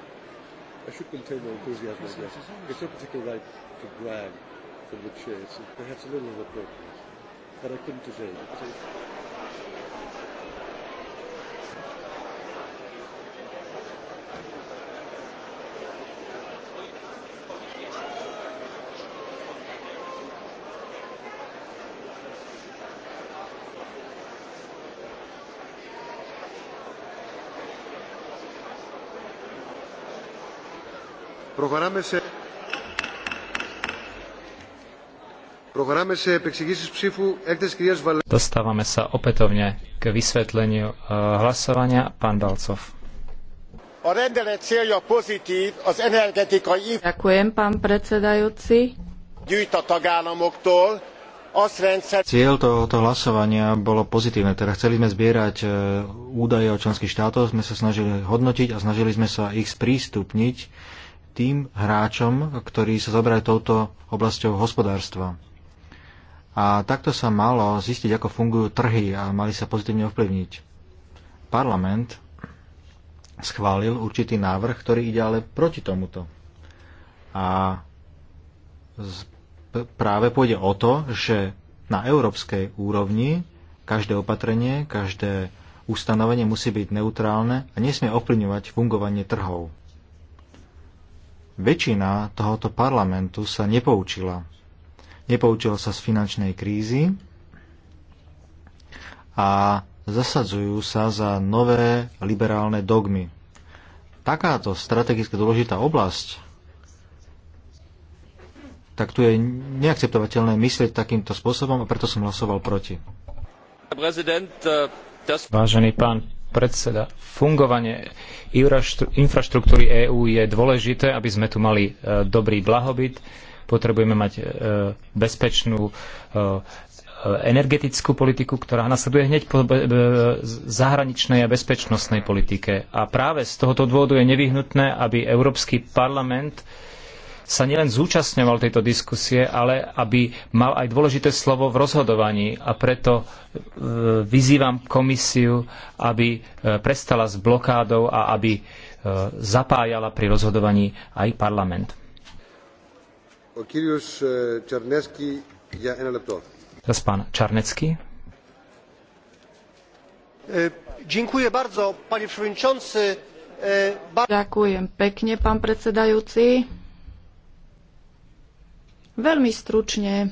I should contain my enthusiasm, I guess. It's not particularly right to brag from the chair. It's perhaps a little inappropriate. But I couldn't today. Προχωράμε σε... Dostávame sa opätovne k vysvetleniu hlasovania. Pán Balcov. Ďakujem, pán predsedajúci. Cieľ tohoto hlasovania bolo pozitívne, teda chceli sme zbierať e, údaje o členských štátoch, sme sa snažili hodnotiť a snažili sme sa ich sprístupniť tým hráčom, ktorí sa zoberajú touto oblasťou hospodárstva. A takto sa malo zistiť, ako fungujú trhy a mali sa pozitívne ovplyvniť. Parlament schválil určitý návrh, ktorý ide ale proti tomuto. A práve pôjde o to, že na európskej úrovni každé opatrenie, každé ustanovenie musí byť neutrálne a nesmie ovplyvňovať fungovanie trhov väčšina tohoto parlamentu sa nepoučila. Nepoučila sa z finančnej krízy a zasadzujú sa za nové liberálne dogmy. Takáto strategicky dôležitá oblasť, tak tu je neakceptovateľné myslieť takýmto spôsobom a preto som hlasoval proti. Äh, Vážený pán predseda, fungovanie infraštruktúry EÚ je dôležité, aby sme tu mali e, dobrý blahobyt, potrebujeme mať e, bezpečnú e, energetickú politiku, ktorá nasleduje hneď po zahraničnej a bezpečnostnej politike. A práve z tohoto dôvodu je nevyhnutné, aby Európsky parlament sa nielen zúčastňoval tejto diskusie, ale aby mal aj dôležité slovo v rozhodovaní. A preto e, vyzývam komisiu, aby e, prestala s blokádou a aby e, zapájala pri rozhodovaní aj parlament. Teraz pán Čarnecký. Ďakujem pekne, pán predsedajúci. Veľmi stručne.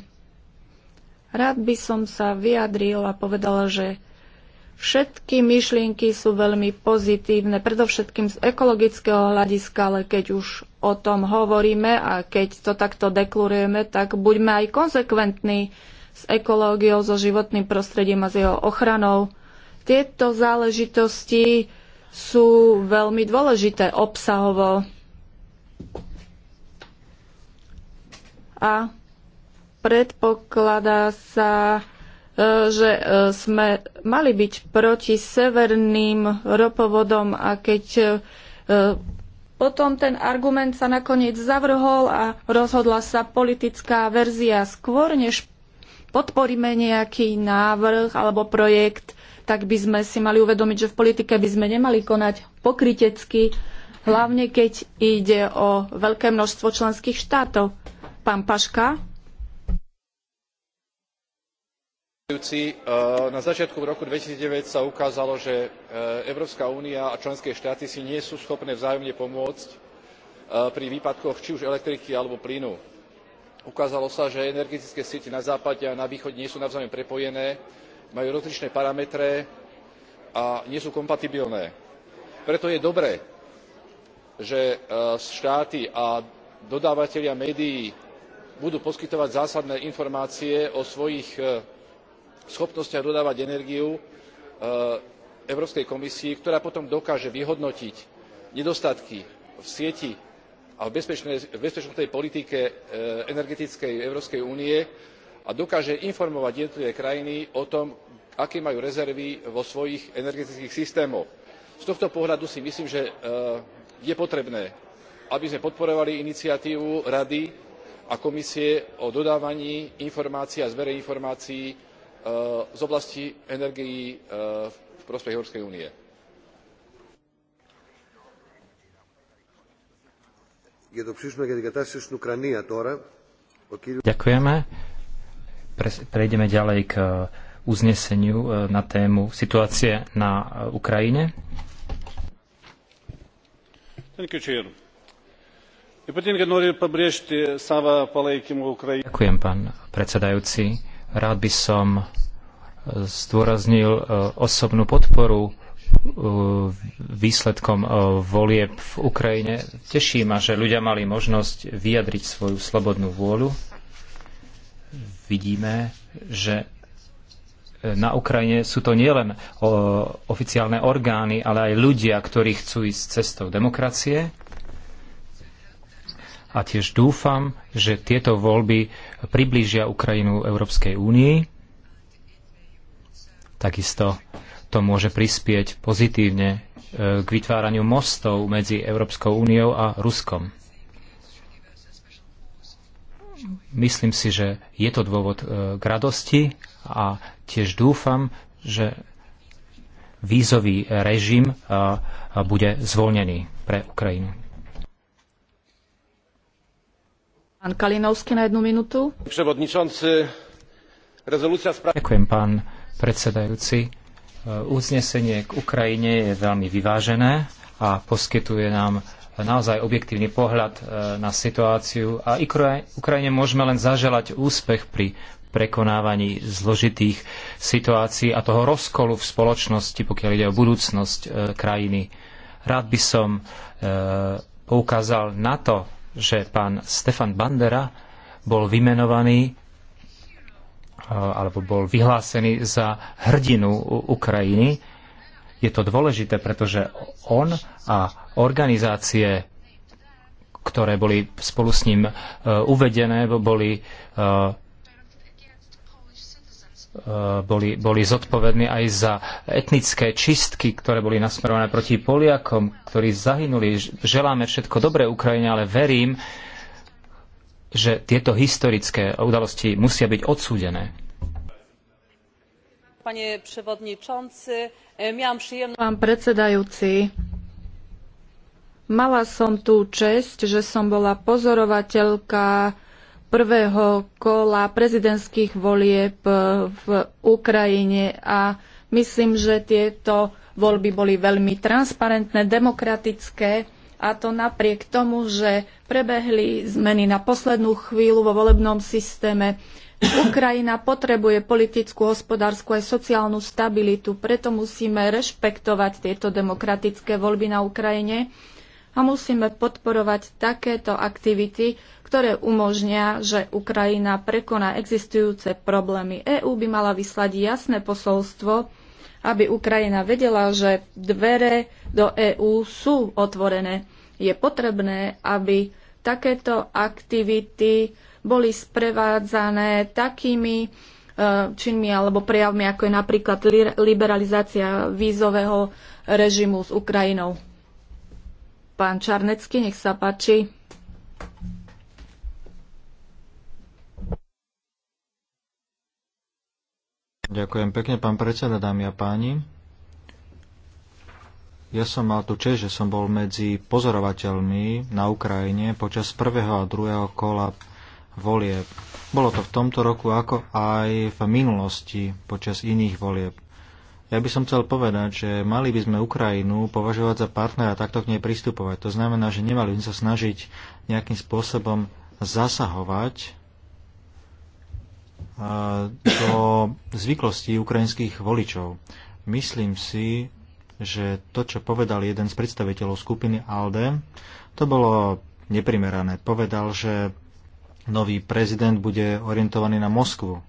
Rád by som sa vyjadril a povedala, že všetky myšlienky sú veľmi pozitívne, predovšetkým z ekologického hľadiska, ale keď už o tom hovoríme a keď to takto deklarujeme, tak buďme aj konsekventní s ekológiou, so životným prostredím a s jeho ochranou. Tieto záležitosti sú veľmi dôležité obsahovo a predpokladá sa, e, že e, sme mali byť proti severným ropovodom a keď e, potom ten argument sa nakoniec zavrhol a rozhodla sa politická verzia skôr, než podporíme nejaký návrh alebo projekt, tak by sme si mali uvedomiť, že v politike by sme nemali konať pokrytecky, hlavne keď ide o veľké množstvo členských štátov. Pán Paška. Eh, na začiatku roku 2009 sa ukázalo, že eh, Európska únia a členské štáty si nie sú schopné vzájomne pomôcť eh, pri výpadkoch či už elektriky alebo plynu. Ukázalo sa, že energetické siete na západe a na východe nie sú navzájom prepojené, majú rozličné parametre a nie sú kompatibilné. Preto je dobré, že štáty a dodávateľia médií budú poskytovať zásadné informácie o svojich e, schopnostiach dodávať energiu e, európskej komisii ktorá potom dokáže vyhodnotiť nedostatky v sieti a v bezpečnostnej politike e, energetickej európskej únie a dokáže informovať jednotlivé krajiny o tom aké majú rezervy vo svojich energetických systémoch. z tohto pohľadu si myslím že je potrebné aby sme podporovali iniciatívu rady a komisie o dodávaní informácií a zbere informácií e, z oblasti energií e, v prospech európskej únie. Ďakujeme. Prejdeme ďalej k e, uzneseniu na tému situácie na Ukrajine. Thank you, Ďakujem, pán predsedajúci. Rád by som э, zdôraznil э, osobnú podporu э, výsledkom volieb v Ukrajine. Teší ma, že ľudia mali možnosť vyjadriť svoju slobodnú vôľu. Vidíme, že e, na Ukrajine sú to nielen oficiálne orgány, ale aj ľudia, ktorí chcú ísť cestou demokracie a tiež dúfam, že tieto voľby priblížia Ukrajinu Európskej únii. Takisto to môže prispieť pozitívne e, k vytváraniu mostov medzi Európskou úniou a Ruskom. Myslím si, že je to dôvod e, k radosti a tiež dúfam, že vízový režim e, bude zvolnený pre Ukrajinu. Pán Ďakujem, pán predsedajúci. Eh, uznesenie k Ukrajine je veľmi vyvážené a poskytuje nám naozaj objektívny pohľad eh, na situáciu a Ukrajine môžeme len zaželať úspech pri prekonávaní zložitých situácií a toho rozkolu v spoločnosti, pokiaľ ide o budúcnosť eh, krajiny. Rád by som poukázal na to, že pán Stefan Bandera bol vymenovaný e, alebo bol vyhlásený za hrdinu Ukrajiny. Je to dôležité, pretože on a organizácie, ktoré boli spolu s ním e, uvedené, boli e, Eh, boli, boli zodpovední aj za etnické čistky, ktoré boli nasmerované proti Poliakom, ktorí zahynuli. Želáme všetko dobré Ukrajine, ale verím, že tieto historické udalosti musia byť odsúdené. E, Pán predsedajúci, mala som tú čest, že som bola pozorovateľka prvého kola prezidentských volieb eh, v Ukrajine a myslím, že tieto voľby boli veľmi transparentné, demokratické a to napriek tomu, že prebehli zmeny na poslednú chvíľu vo volebnom systéme. Ukrajina potrebuje politickú, hospodárskú aj sociálnu stabilitu, preto musíme rešpektovať tieto demokratické voľby na Ukrajine a musíme podporovať takéto aktivity, ktoré umožnia, že Ukrajina prekoná existujúce problémy. EÚ by mala vyslať jasné posolstvo, aby Ukrajina vedela, že dvere do EÚ sú otvorené. Je potrebné, aby takéto aktivity boli sprevádzané takými e, činmi alebo prejavmi, ako je napríklad liberalizácia vízového režimu s Ukrajinou. Pán Čarnecký, nech sa páči. Ďakujem pekne, pán predseda, dámy a páni. Ja som mal tu čest, že som bol medzi pozorovateľmi na Ukrajine počas prvého a druhého kola volieb. Bolo to v tomto roku ako aj v minulosti počas iných volieb. Ja by som chcel povedať, že mali by sme Ukrajinu považovať za partnera a takto k nej pristupovať. To znamená, že nemali by sme sa snažiť nejakým spôsobom zasahovať do zvyklostí ukrajinských voličov. Myslím si, že to, čo povedal jeden z predstaviteľov skupiny ALDE, to bolo neprimerané. Povedal, že nový prezident bude orientovaný na Moskvu.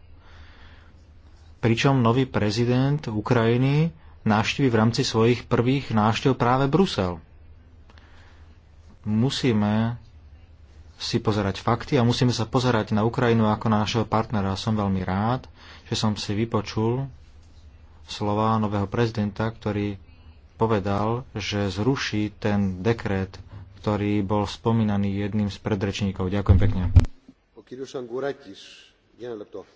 Pričom nový prezident Ukrajiny návštívi v rámci svojich prvých návštev práve Brusel. Musíme si pozerať fakty a musíme sa pozerať na Ukrajinu ako na našeho partnera. Som veľmi rád, že som si vypočul slova nového prezidenta, ktorý povedal, že zruší ten dekret, ktorý bol spomínaný jedným z predrečníkov. Ďakujem pekne.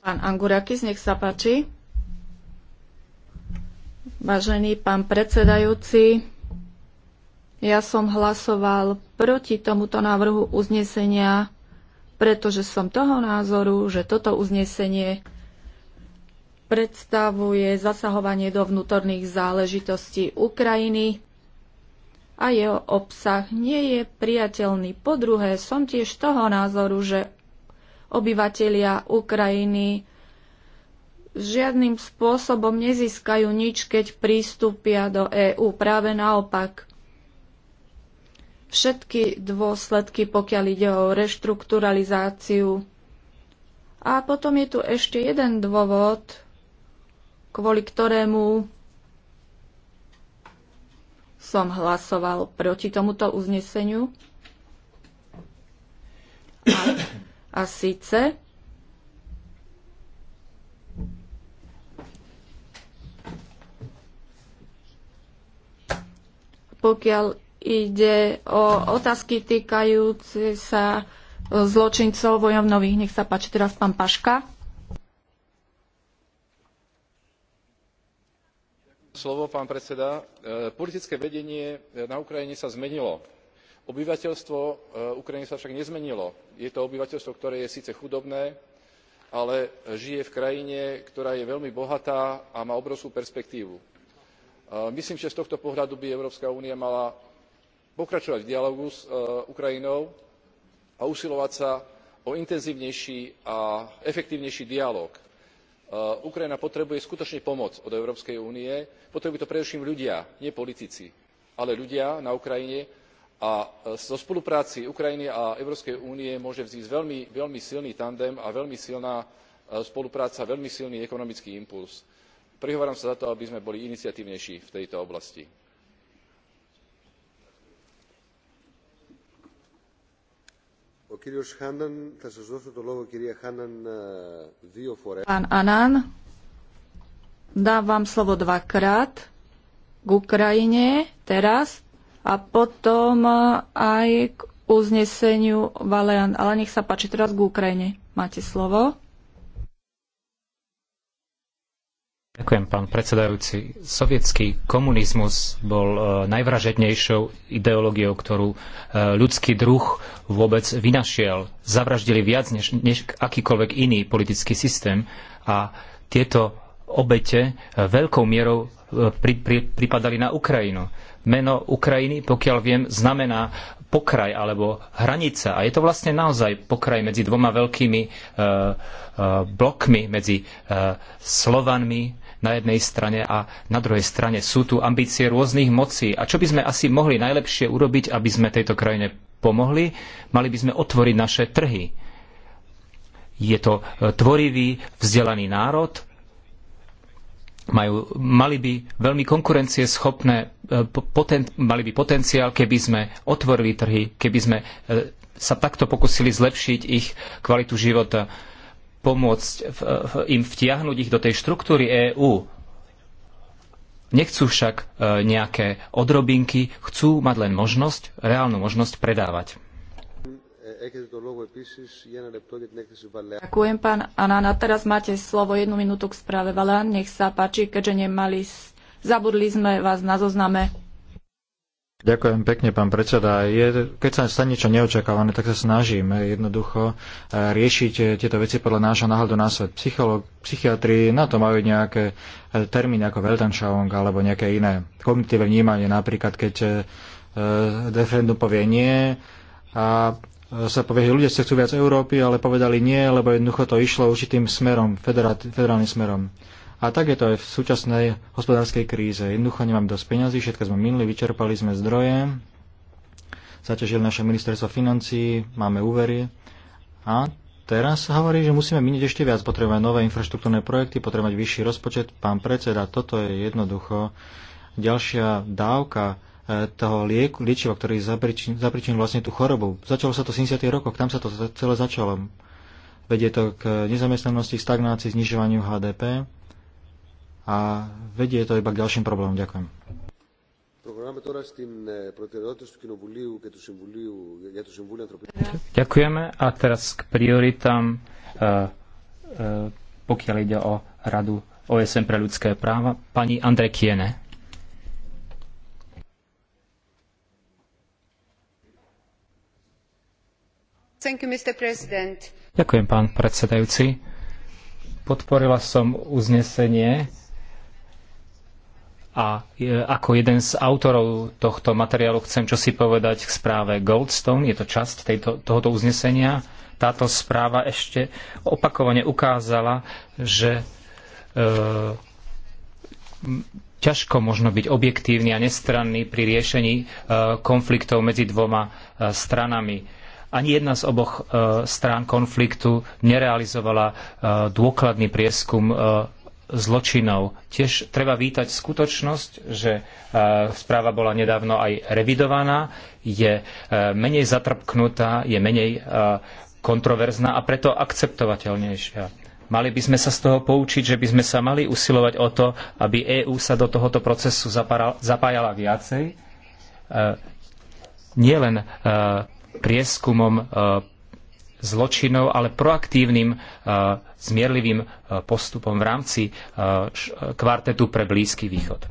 Pán Angurakis, nech sa páči. Vážený pán predsedajúci, ja som hlasoval proti tomuto návrhu uznesenia, pretože som toho názoru, že toto uznesenie predstavuje zasahovanie do vnútorných záležitostí Ukrajiny a jeho obsah nie je priateľný. Po druhé, som tiež toho názoru, že obyvatelia Ukrajiny žiadnym spôsobom nezískajú nič, keď prístupia do EÚ. Práve naopak, všetky dôsledky, pokiaľ ide o reštrukturalizáciu. A potom je tu ešte jeden dôvod, kvôli ktorému som hlasoval proti tomuto uzneseniu. A, a síce pokiaľ Ide o otázky týkajúce sa e, zločincov vojovnových. Nech sa páči teraz pán Paška. Slovo, pán predseda. E, politické vedenie e, na Ukrajine sa zmenilo. Obyvateľstvo Ukrajiny sa však nezmenilo. Je to obyvateľstvo, ktoré je síce chudobné, ale žije v krajine, ktorá je veľmi bohatá a má obrovskú perspektívu. Myslím, že z tohto pohľadu by Európska únia mala pokračovať v dialógu s e, ukrajinou a usilovať sa o intenzívnejší a efektívnejší dialóg. E, ukrajina potrebuje skutočne pomoc od európskej únie potrebujú to predovšetkým ľudia nie politici ale ľudia na ukrajine a e, zo spolupráce ukrajiny a európskej únie môže vzísť veľmi, veľmi silný tandem a veľmi silná spolupráca veľmi silný ekonomický impulz. prihováram sa za to aby sme boli iniciatívnejší v tejto oblasti. Pán Anan, dám vám slovo dvakrát k Ukrajine teraz a potom aj k uzneseniu Valean. Ale nech sa páči, teraz k Ukrajine. Máte slovo. Ďakujem, pán predsedajúci. Sovietský komunizmus bol e, najvražednejšou ideológiou, ktorú e, ľudský druh vôbec vynašiel. Zavraždili viac než, než akýkoľvek iný politický systém a tieto obete e, veľkou mierou pri, pri, pripadali na Ukrajinu. Meno Ukrajiny, pokiaľ viem, znamená pokraj alebo hranica. A je to vlastne naozaj pokraj medzi dvoma veľkými blokmi, medzi e, Slovanmi na jednej strane a na druhej strane sú tu ambície rôznych mocí. A čo by sme asi mohli najlepšie urobiť, aby sme tejto krajine pomohli? Mali by sme otvoriť naše trhy. Je to e, tvorivý, vzdelaný národ, majú, mali by veľmi konkurencieschopné, e, poten, mali by potenciál, keby sme otvorili trhy, keby sme e, sa takto pokusili zlepšiť ich kvalitu života pomôcť im vtiahnuť ich do tej štruktúry EÚ. Nechcú však e, nejaké odrobinky, chcú mať len možnosť, reálnu možnosť predávať. Ďakujem, pán Anana. Teraz máte slovo jednu minútu k správe Valán. Nech sa páči, keďže nemali, zabudli sme vás na zozname. Ďakujem pekne, pán predseda. Je, keď sa stane niečo neočakávané, tak sa snažíme jednoducho eh, riešiť eh, tieto veci podľa nášho náhľadu na svet. Psychológ, psychiatri na to majú nejaké eh, termíny ako Weltanschauung alebo nejaké iné kognitívne vnímanie. Napríklad, keď referendum povie nie a sa povie, že ľudia chcú viac Európy, ale povedali nie, lebo jednoducho to išlo určitým smerom, federálnym smerom. A tak je to aj v súčasnej hospodárskej kríze. Jednoducho nemám dosť peňazí, všetko sme minuli, vyčerpali sme zdroje, zaťažili naše ministerstvo financí, máme úvery a teraz sa hovorí, že musíme miniť ešte viac, potrebujeme nové infraštruktúrne projekty, potrebovať vyšší rozpočet. Pán predseda, toto je jednoducho ďalšia dávka e, toho lieku, liečiva, ktorý zapričinil, zapričin vlastne tú chorobu. Začalo sa to v 70. rokoch, tam sa to celé začalo. Vedie to k nezamestnanosti, stagnácii, znižovaniu HDP a vedie to iba k ďalším problémom. Ďakujem. Ďakujeme a teraz k prioritám, pokiaľ ide o Radu OSN pre ľudské práva, pani Andre Kiene. You, Ďakujem, pán predsedajúci. Podporila som uznesenie a e, ako jeden z autorov tohto materiálu chcem čosi povedať k správe Goldstone. Je to časť tejto, tohoto uznesenia. Táto správa ešte opakovane ukázala, že e, ťažko možno byť objektívny a nestranný pri riešení e, konfliktov medzi dvoma e, stranami. Ani jedna z oboch e, strán konfliktu nerealizovala e, dôkladný prieskum zločinov. Tiež treba vítať skutočnosť, že e, správa bola nedávno aj revidovaná, je e, menej zatrpknutá, je menej e, kontroverzná a preto akceptovateľnejšia. Mali by sme sa z toho poučiť, že by sme sa mali usilovať o to, aby EÚ sa do tohoto procesu zapájala viacej, nielen prieskumom zločinov, ale proaktívnym e, zmierlivým e, postupom v rámci e, kvartetu pre Blízky východ.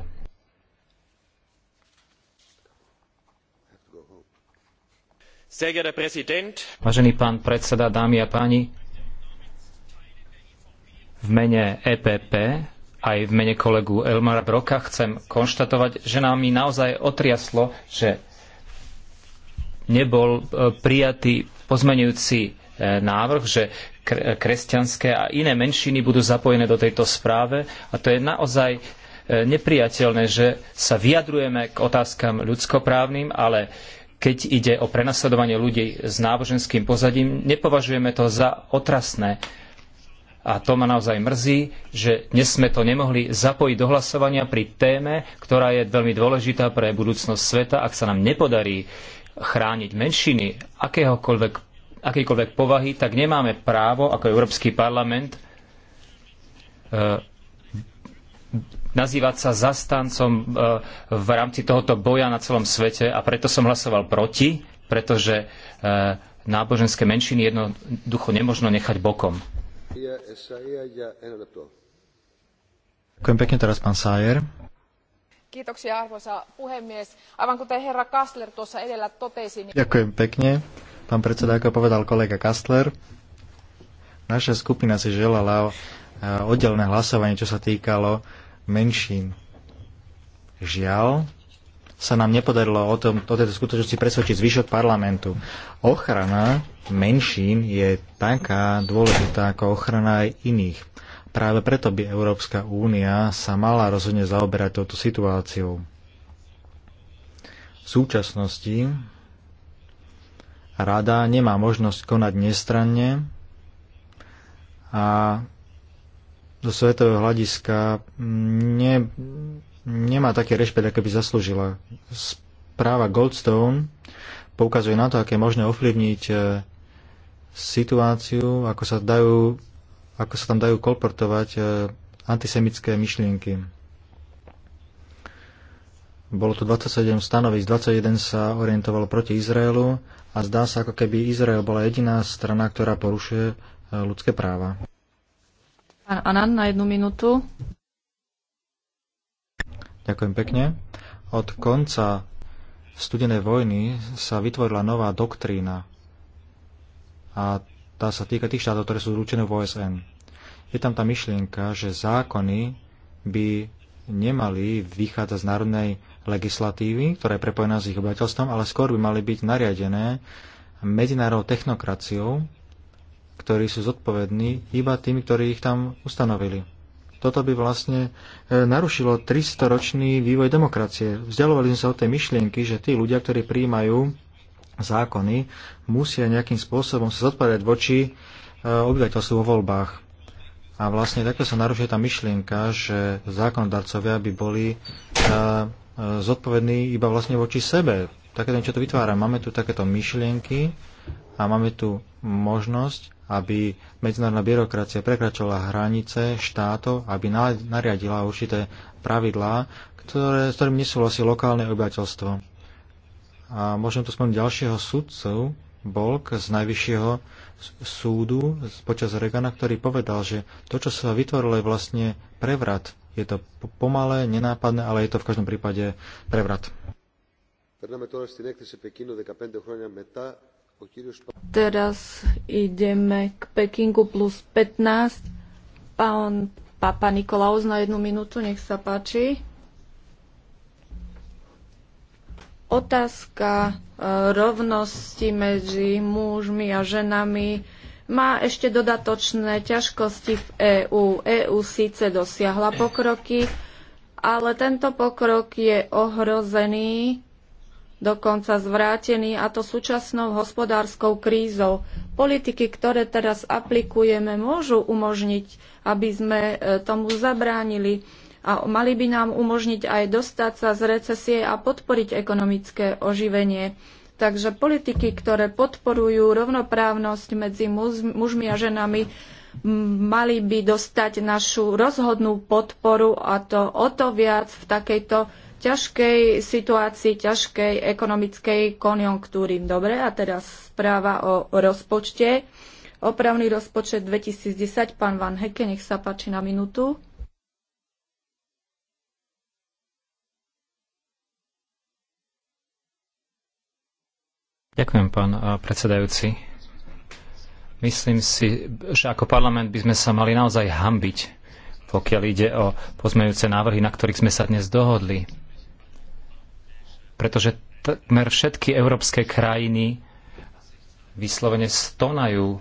Vážený pán predseda, dámy a páni, v mene EPP aj v mene kolegu Elmara Broka chcem konštatovať, že nám mi naozaj otriaslo, že nebol prijatý pozmenujúci E, návrh, že kresťanské a iné menšiny budú zapojené do tejto správe a to je naozaj e, neprijateľné, že sa vyjadrujeme k otázkam ľudskoprávnym, ale keď ide o prenasledovanie ľudí s náboženským pozadím, nepovažujeme to za otrasné. A to ma naozaj mrzí, že dnes sme to nemohli zapojiť do hlasovania pri téme, ktorá je veľmi dôležitá pre budúcnosť sveta. Ak sa nám nepodarí chrániť menšiny akéhokoľvek akýkoľvek povahy, tak nemáme právo ako Európsky parlament e, nazývať sa zastancom e, v rámci tohoto boja na celom svete a preto som hlasoval proti, pretože e, náboženské menšiny jednoducho nemožno nechať bokom. Ďakujem pekne teraz pán Sájer. Kiitoksia arvoisa puhemies. Aivan kuten herra Kastler tuossa edellä totesi. Ďakujem pekne. Pán predseda, ako povedal kolega Kastler, naša skupina si želala e, oddelené hlasovanie, čo sa týkalo menšín. Žiaľ, sa nám nepodarilo o, tom, o tejto skutočnosti presvedčiť zvyšok parlamentu. Ochrana menšín je taká dôležitá ako ochrana aj iných. Práve preto by Európska únia sa mala rozhodne zaoberať touto situáciou. V súčasnosti rada nemá možnosť konať nestranne a zo svetového hľadiska ne, nemá taký rešpekt, aké by zaslúžila. Správa Goldstone poukazuje na to, aké je možné ovplyvniť e, situáciu, ako sa, dajú, ako sa tam dajú kolportovať e, antisemické myšlienky. Bolo tu 27 stanovisk, 21 sa orientovalo proti Izraelu a zdá sa, ako keby Izrael bola jediná strana, ktorá porušuje e, ľudské práva. Pán Anan, na jednu minútu. Ďakujem pekne. Od konca studenej vojny sa vytvorila nová doktrína a tá sa týka tých štátov, ktoré sú zručené v OSN. Je tam tá myšlienka, že zákony by nemali vychádzať z národnej legislatívy, ktorá je prepojená s ich obyvateľstvom, ale skôr by mali byť nariadené medzinárodnou technokraciou, ktorí sú zodpovední iba tými, ktorí ich tam ustanovili. Toto by vlastne e, narušilo 300-ročný vývoj demokracie. Vzdialovali sme sa od tej myšlienky, že tí ľudia, ktorí príjmajú zákony, musia nejakým spôsobom sa zodpovedať voči e, obyvateľstvu vo voľbách. A vlastne takto sa narušuje tá myšlienka, že zákonodarcovia by boli e, zodpovedný iba vlastne voči sebe. Takéto niečo to vytvára. Máme tu takéto myšlienky a máme tu možnosť, aby medzinárodná byrokracia prekračovala hranice štátov, aby nariadila určité pravidlá, ktoré, s ktorým nesúhlasí lokálne obyvateľstvo. A môžem tu spomenúť ďalšieho sudcu, Bolk z najvyššieho súdu počas Regana, ktorý povedal, že to, čo sa vytvorilo, je vlastne prevrat je to pomalé, nenápadné, ale je to v každom prípade prevrat. Teraz ideme k Pekingu plus 15. Pán Papa Nikolaus na jednu minútu, nech sa páči. Otázka e, rovnosti medzi mužmi a ženami má ešte dodatočné ťažkosti v EÚ. EÚ síce dosiahla pokroky, ale tento pokrok je ohrozený, dokonca zvrátený, a to súčasnou hospodárskou krízou. Politiky, ktoré teraz aplikujeme, môžu umožniť, aby sme e, tomu zabránili a mali by nám umožniť aj dostať sa z recesie a podporiť ekonomické oživenie. Takže politiky, ktoré podporujú rovnoprávnosť medzi mužmi a ženami, mali by dostať našu rozhodnú podporu a to o to viac v takejto ťažkej situácii, ťažkej ekonomickej konjunktúry. Dobre, a teraz správa o rozpočte. Opravný rozpočet 2010, pán Van Heke, nech sa páči na minútu. Ďakujem, pán predsedajúci. Myslím si, že ako parlament by sme sa mali naozaj hambiť, pokiaľ ide o pozmejúce návrhy, na ktorých sme sa dnes dohodli. Pretože takmer všetky európske krajiny vyslovene stonajú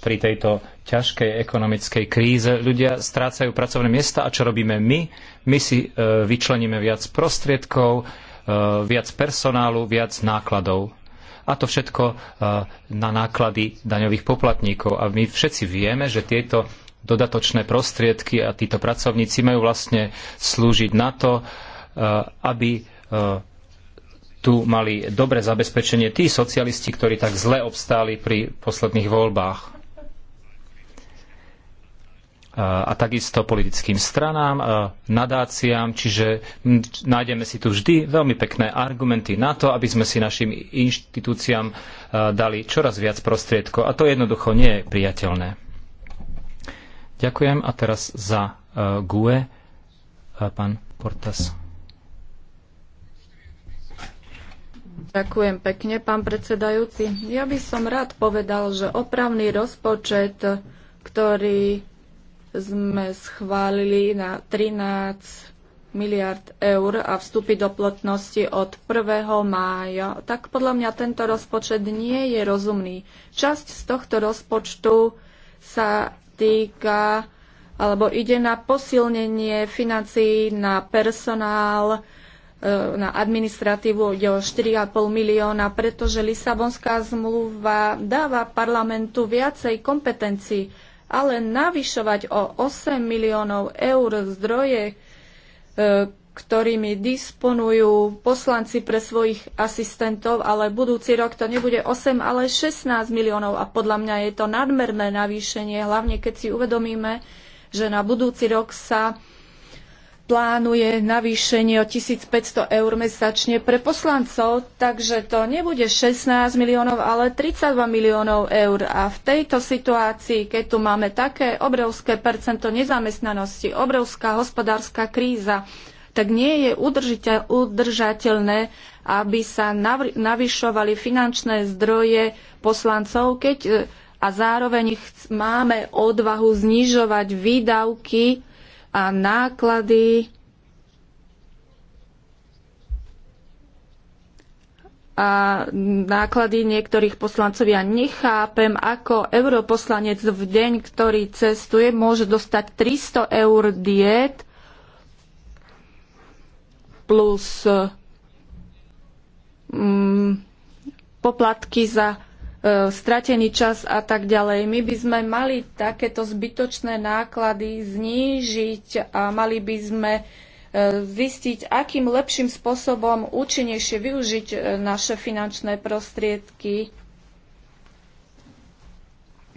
pri tejto ťažkej ekonomickej kríze. Ľudia strácajú pracovné miesta a čo robíme my? My si e, vyčleníme viac prostriedkov, e, viac personálu, viac nákladov a to všetko e, na náklady daňových poplatníkov. A my všetci vieme, že tieto dodatočné prostriedky a títo pracovníci majú vlastne slúžiť na to, e, aby e, tu mali dobre zabezpečenie tí socialisti, ktorí tak zle obstáli pri posledných voľbách a takisto politickým stranám, nadáciám, čiže nájdeme si tu vždy veľmi pekné argumenty na to, aby sme si našim inštitúciám dali čoraz viac prostriedkov a to jednoducho nie je priateľné. Ďakujem a teraz za GUE pán Portas. Ďakujem pekne, pán predsedajúci. Ja by som rád povedal, že opravný rozpočet, ktorý sme schválili na 13 miliard eur a vstúpi do platnosti od 1. mája, tak podľa mňa tento rozpočet nie je rozumný. Časť z tohto rozpočtu sa týka alebo ide na posilnenie financií na personál, e, na administratívu ide o 4,5 milióna, pretože Lisabonská zmluva dáva parlamentu viacej kompetencií ale navyšovať o 8 miliónov eur zdroje, e, ktorými disponujú poslanci pre svojich asistentov, ale budúci rok to nebude 8, ale 16 miliónov a podľa mňa je to nadmerné navýšenie, hlavne keď si uvedomíme, že na budúci rok sa plánuje navýšenie o 1500 eur mesačne pre poslancov, takže to nebude 16 miliónov, ale 32 miliónov eur. A v tejto situácii, keď tu máme také obrovské percento nezamestnanosti, obrovská hospodárska kríza, tak nie je udržateľné, aby sa navyšovali finančné zdroje poslancov, keď e, a zároveň máme odvahu znižovať výdavky a náklady a náklady niektorých poslancov. Ja nechápem, ako europoslanec v deň, ktorý cestuje, môže dostať 300 eur diet plus mm, poplatky za E, stratený čas a tak ďalej. My by sme mali takéto zbytočné náklady znížiť a mali by sme e, zistiť, akým lepším spôsobom účinnejšie využiť e, naše finančné prostriedky.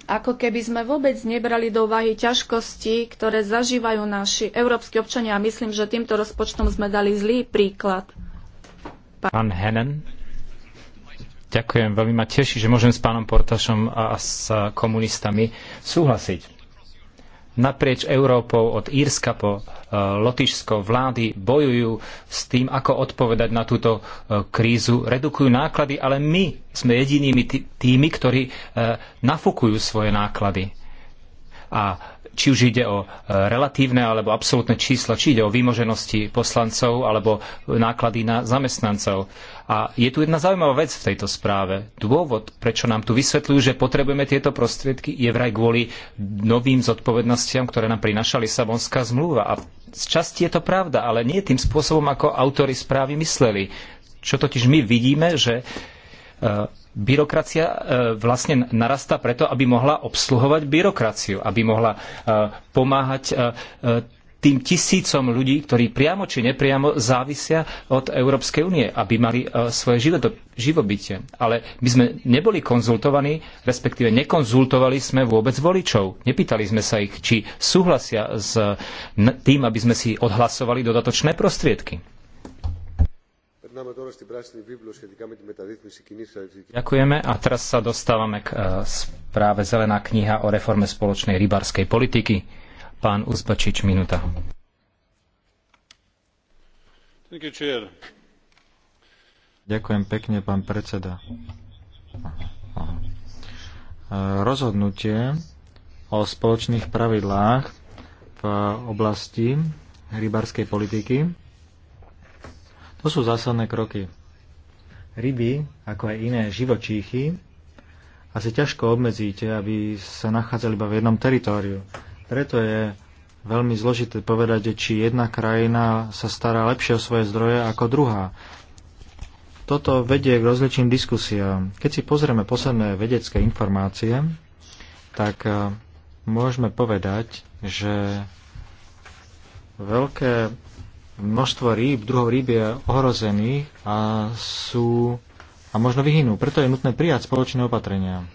Ako keby sme vôbec nebrali do úvahy ťažkosti, ktoré zažívajú naši európsky občania. A myslím, že týmto rozpočtom sme dali zlý príklad. Pán Hennen. Ďakujem, veľmi ma teší, že môžem s pánom Portašom a s komunistami súhlasiť. Naprieč Európou od Írska po e, Lotyšsko vlády bojujú s tým, ako odpovedať na túto e, krízu, redukujú náklady, ale my sme jedinými tými, ktorí e, nafukujú svoje náklady. A či už ide o e, relatívne alebo absolútne čísla, či ide o výmoženosti poslancov alebo náklady na zamestnancov. A je tu jedna zaujímavá vec v tejto správe. Dôvod, prečo nám tu vysvetľujú, že potrebujeme tieto prostriedky, je vraj kvôli novým zodpovednostiam, ktoré nám prináša Lisabonská zmluva. A z časti je to pravda, ale nie tým spôsobom, ako autory správy mysleli. Čo totiž my vidíme, že E, byrokracia e, vlastne narastá preto, aby mohla obsluhovať byrokraciu, aby mohla e, pomáhať tým tisícom ľudí, ktorí priamo či nepriamo závisia od Európskej únie, aby mali svoje živobytie. Ale my sme neboli konzultovaní, respektíve nekonzultovali sme vôbec voličov. Nepýtali sme sa ich, či súhlasia s tým, aby sme si odhlasovali dodatočné prostriedky. Ďakujeme a teraz sa dostávame k e, správe Zelená kniha o reforme spoločnej rybárskej politiky. Pán Uzbačič, minúta. Ďakujem pekne, pán predseda. E, rozhodnutie o spoločných pravidlách v oblasti rybárskej politiky to sú zásadné kroky. Ryby, ako aj iné živočíchy, asi ťažko obmedzíte, aby sa nachádzali iba v jednom teritóriu. Preto je veľmi zložité povedať, či jedna krajina sa stará lepšie o svoje zdroje ako druhá. Toto vedie k rozličným diskusiám. Keď si pozrieme posledné vedecké informácie, tak e, môžeme povedať, že veľké množstvo rýb, druhov rýb je ohrozených a sú a možno vyhynú. Preto je nutné prijať spoločné opatrenia.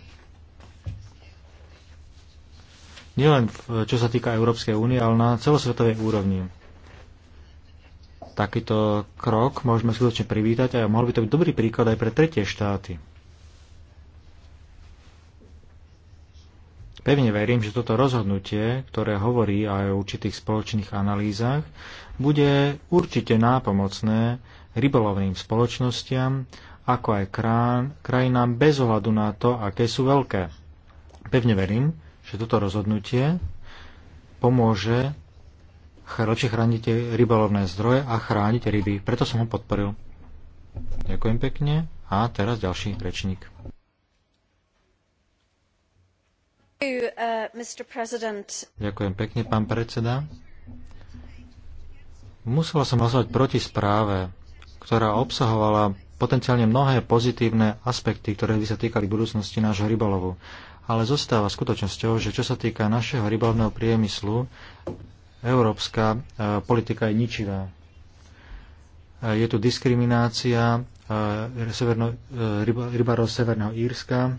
Nielen čo sa týka Európskej únie, ale na celosvetovej úrovni. Takýto krok môžeme skutočne privítať a mohol by to byť dobrý príklad aj pre tretie štáty. Pevne verím, že toto rozhodnutie, ktoré hovorí aj o určitých spoločných analýzach, bude určite nápomocné rybolovným spoločnostiam, ako aj krán, krajinám bez ohľadu na to, aké sú veľké. Pevne verím, že toto rozhodnutie pomôže lepšie chrániť rybolovné zdroje a chrániť ryby. Preto som ho podporil. Ďakujem pekne a teraz ďalší rečník. Uh, Ďakujem pekne, pán predseda. Musela som hlasovať proti správe, ktorá obsahovala potenciálne mnohé pozitívne aspekty, ktoré by sa týkali budúcnosti nášho rybolovu. Ale zostáva skutočnosťou, že čo sa týka našeho rybolovného priemyslu, európska e, politika je ničivá. E, je tu diskriminácia rybárov e, severno, rybarov Severného Írska,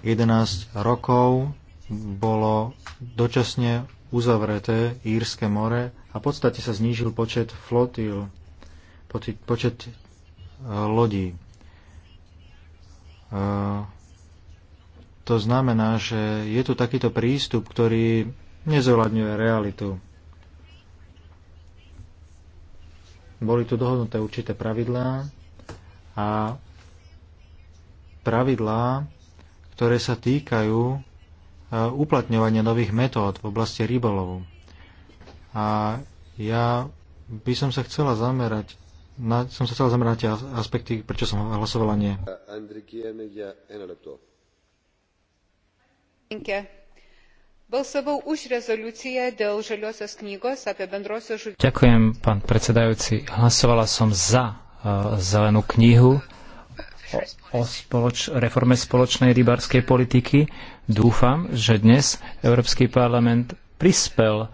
11 rokov bolo dočasne uzavreté Írske more a v podstate sa znížil počet flotil, počet e, lodí. E, to znamená, že je tu takýto prístup, ktorý nezohľadňuje realitu. Boli tu dohodnuté určité pravidlá a pravidlá ktoré sa týkajú e, uplatňovania nových metód v oblasti rybolovu. A ja by som sa chcela zamerať na, som sa chcela zamerať na aspekty, prečo som hlasovala nie. Ďakujem, pán predsedajúci. Hlasovala som za e, zelenú knihu o spoloč- reforme spoločnej rybárskej politiky. Dúfam, že dnes Európsky parlament prispel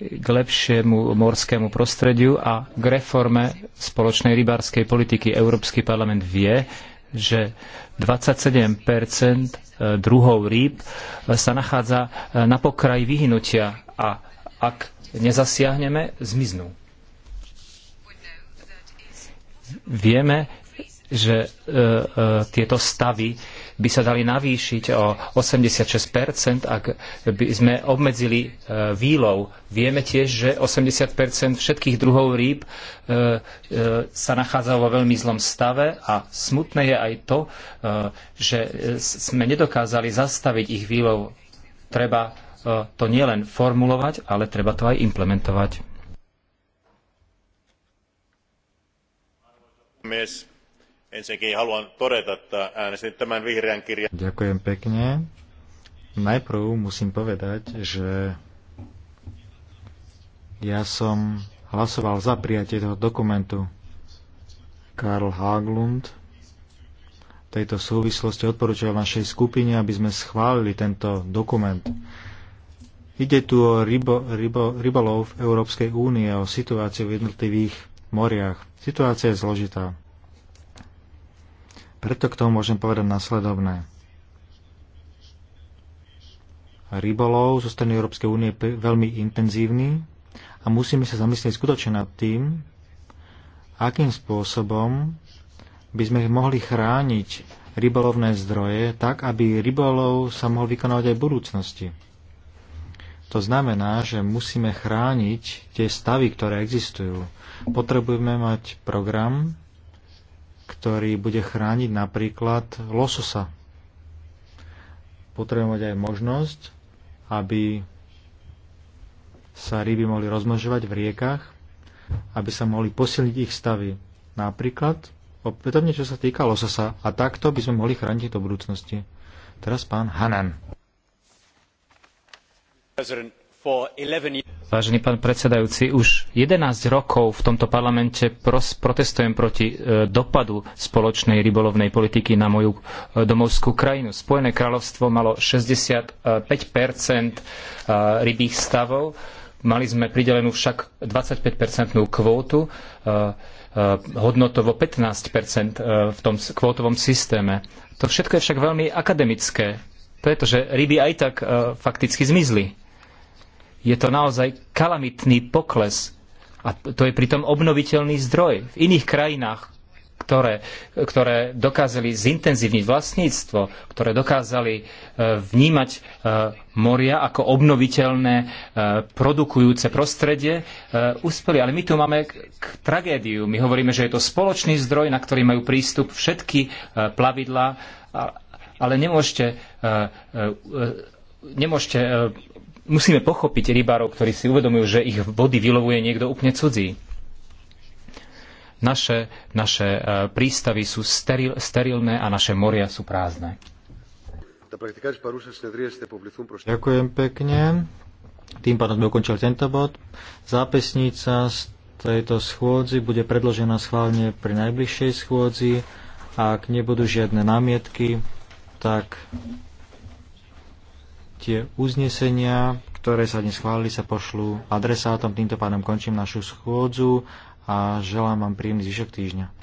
k lepšiemu morskému prostrediu a k reforme spoločnej rybárskej politiky. Európsky parlament vie, že 27 e, druhov rýb e, sa nachádza e, na pokraji vyhnutia a ak nezasiahneme, zmiznú. Vieme, že e, e, tieto stavy by sa dali navýšiť o 86%, ak by sme obmedzili e, výlov. Vieme tiež, že 80% všetkých druhov rýb e, e, sa nachádza vo veľmi zlom stave a smutné je aj to, e, že e, sme nedokázali zastaviť ich výlov. Treba e, to nielen formulovať, ale treba to aj implementovať. Miss. Ensinnäkin haluan todeta, että äänestin tämän vihreän kirjan. Ďakujem pekne. Najprv musím povedať, že ja som hlasoval za prijatie toho dokumentu. Karl Haglund v tejto súvislosti odporúčal našej skupine, aby sme schválili tento dokument. Ide tu o rybo, rybo, rybolov v Európskej únie, o situáciu v jednotlivých moriach. Situácia je zložitá. Preto k tomu môžem povedať následovné. Rybolov zo strany Európskej únie je veľmi intenzívny a musíme sa zamyslieť skutočne nad tým, akým spôsobom by sme mohli chrániť rybolovné zdroje tak, aby rybolov sa mohol vykonávať aj v budúcnosti. To znamená, že musíme chrániť tie stavy, ktoré existujú. Potrebujeme mať program, ktorý bude chrániť napríklad lososa. Potrebujeme mať aj možnosť, aby sa ryby mohli rozmnožovať v riekach, aby sa mohli posilniť ich stavy. Napríklad, opätovne čo sa týka lososa, a takto by sme mohli chrániť do budúcnosti. Teraz pán Hanan. Vážený pán predsedajúci, už 11 rokov v tomto parlamente protestujem proti e, dopadu spoločnej rybolovnej politiky na moju e, domovskú krajinu. Spojené kráľovstvo malo 65 e, rybých stavov, mali sme pridelenú však 25-percentnú kvótu, hodnotovo 15 v tom kvótovom systéme. To všetko je však veľmi akademické, pretože ryby aj tak fakticky zmizli je to naozaj kalamitný pokles. A to je pritom obnoviteľný zdroj. V iných krajinách, ktoré, ktoré dokázali zintenzívniť vlastníctvo, ktoré dokázali e, vnímať e, moria ako obnoviteľné, e, produkujúce prostredie, uspeli. Ale my tu máme k tragédiu. My hovoríme, že je to spoločný zdroj, na ktorý majú prístup všetky plavidlá, ale nemôžete, nemôžete musíme pochopiť rybárov, ktorí si uvedomujú, že ich vody vylovuje niekto úplne cudzí. Naše, naše e, prístavy sú steril, sterilné a naše moria sú prázdne. Ďakujem pekne. Tým pádom sme ukončili tento bod. Zápisnica z tejto schôdzi bude predložená schválne pri najbližšej schôdzi. Ak nebudú žiadne námietky, tak tie uznesenia, ktoré sa dnes schválili, sa pošlú adresátom. Týmto pádom končím našu schôdzu a želám vám príjemný zvyšok týždňa.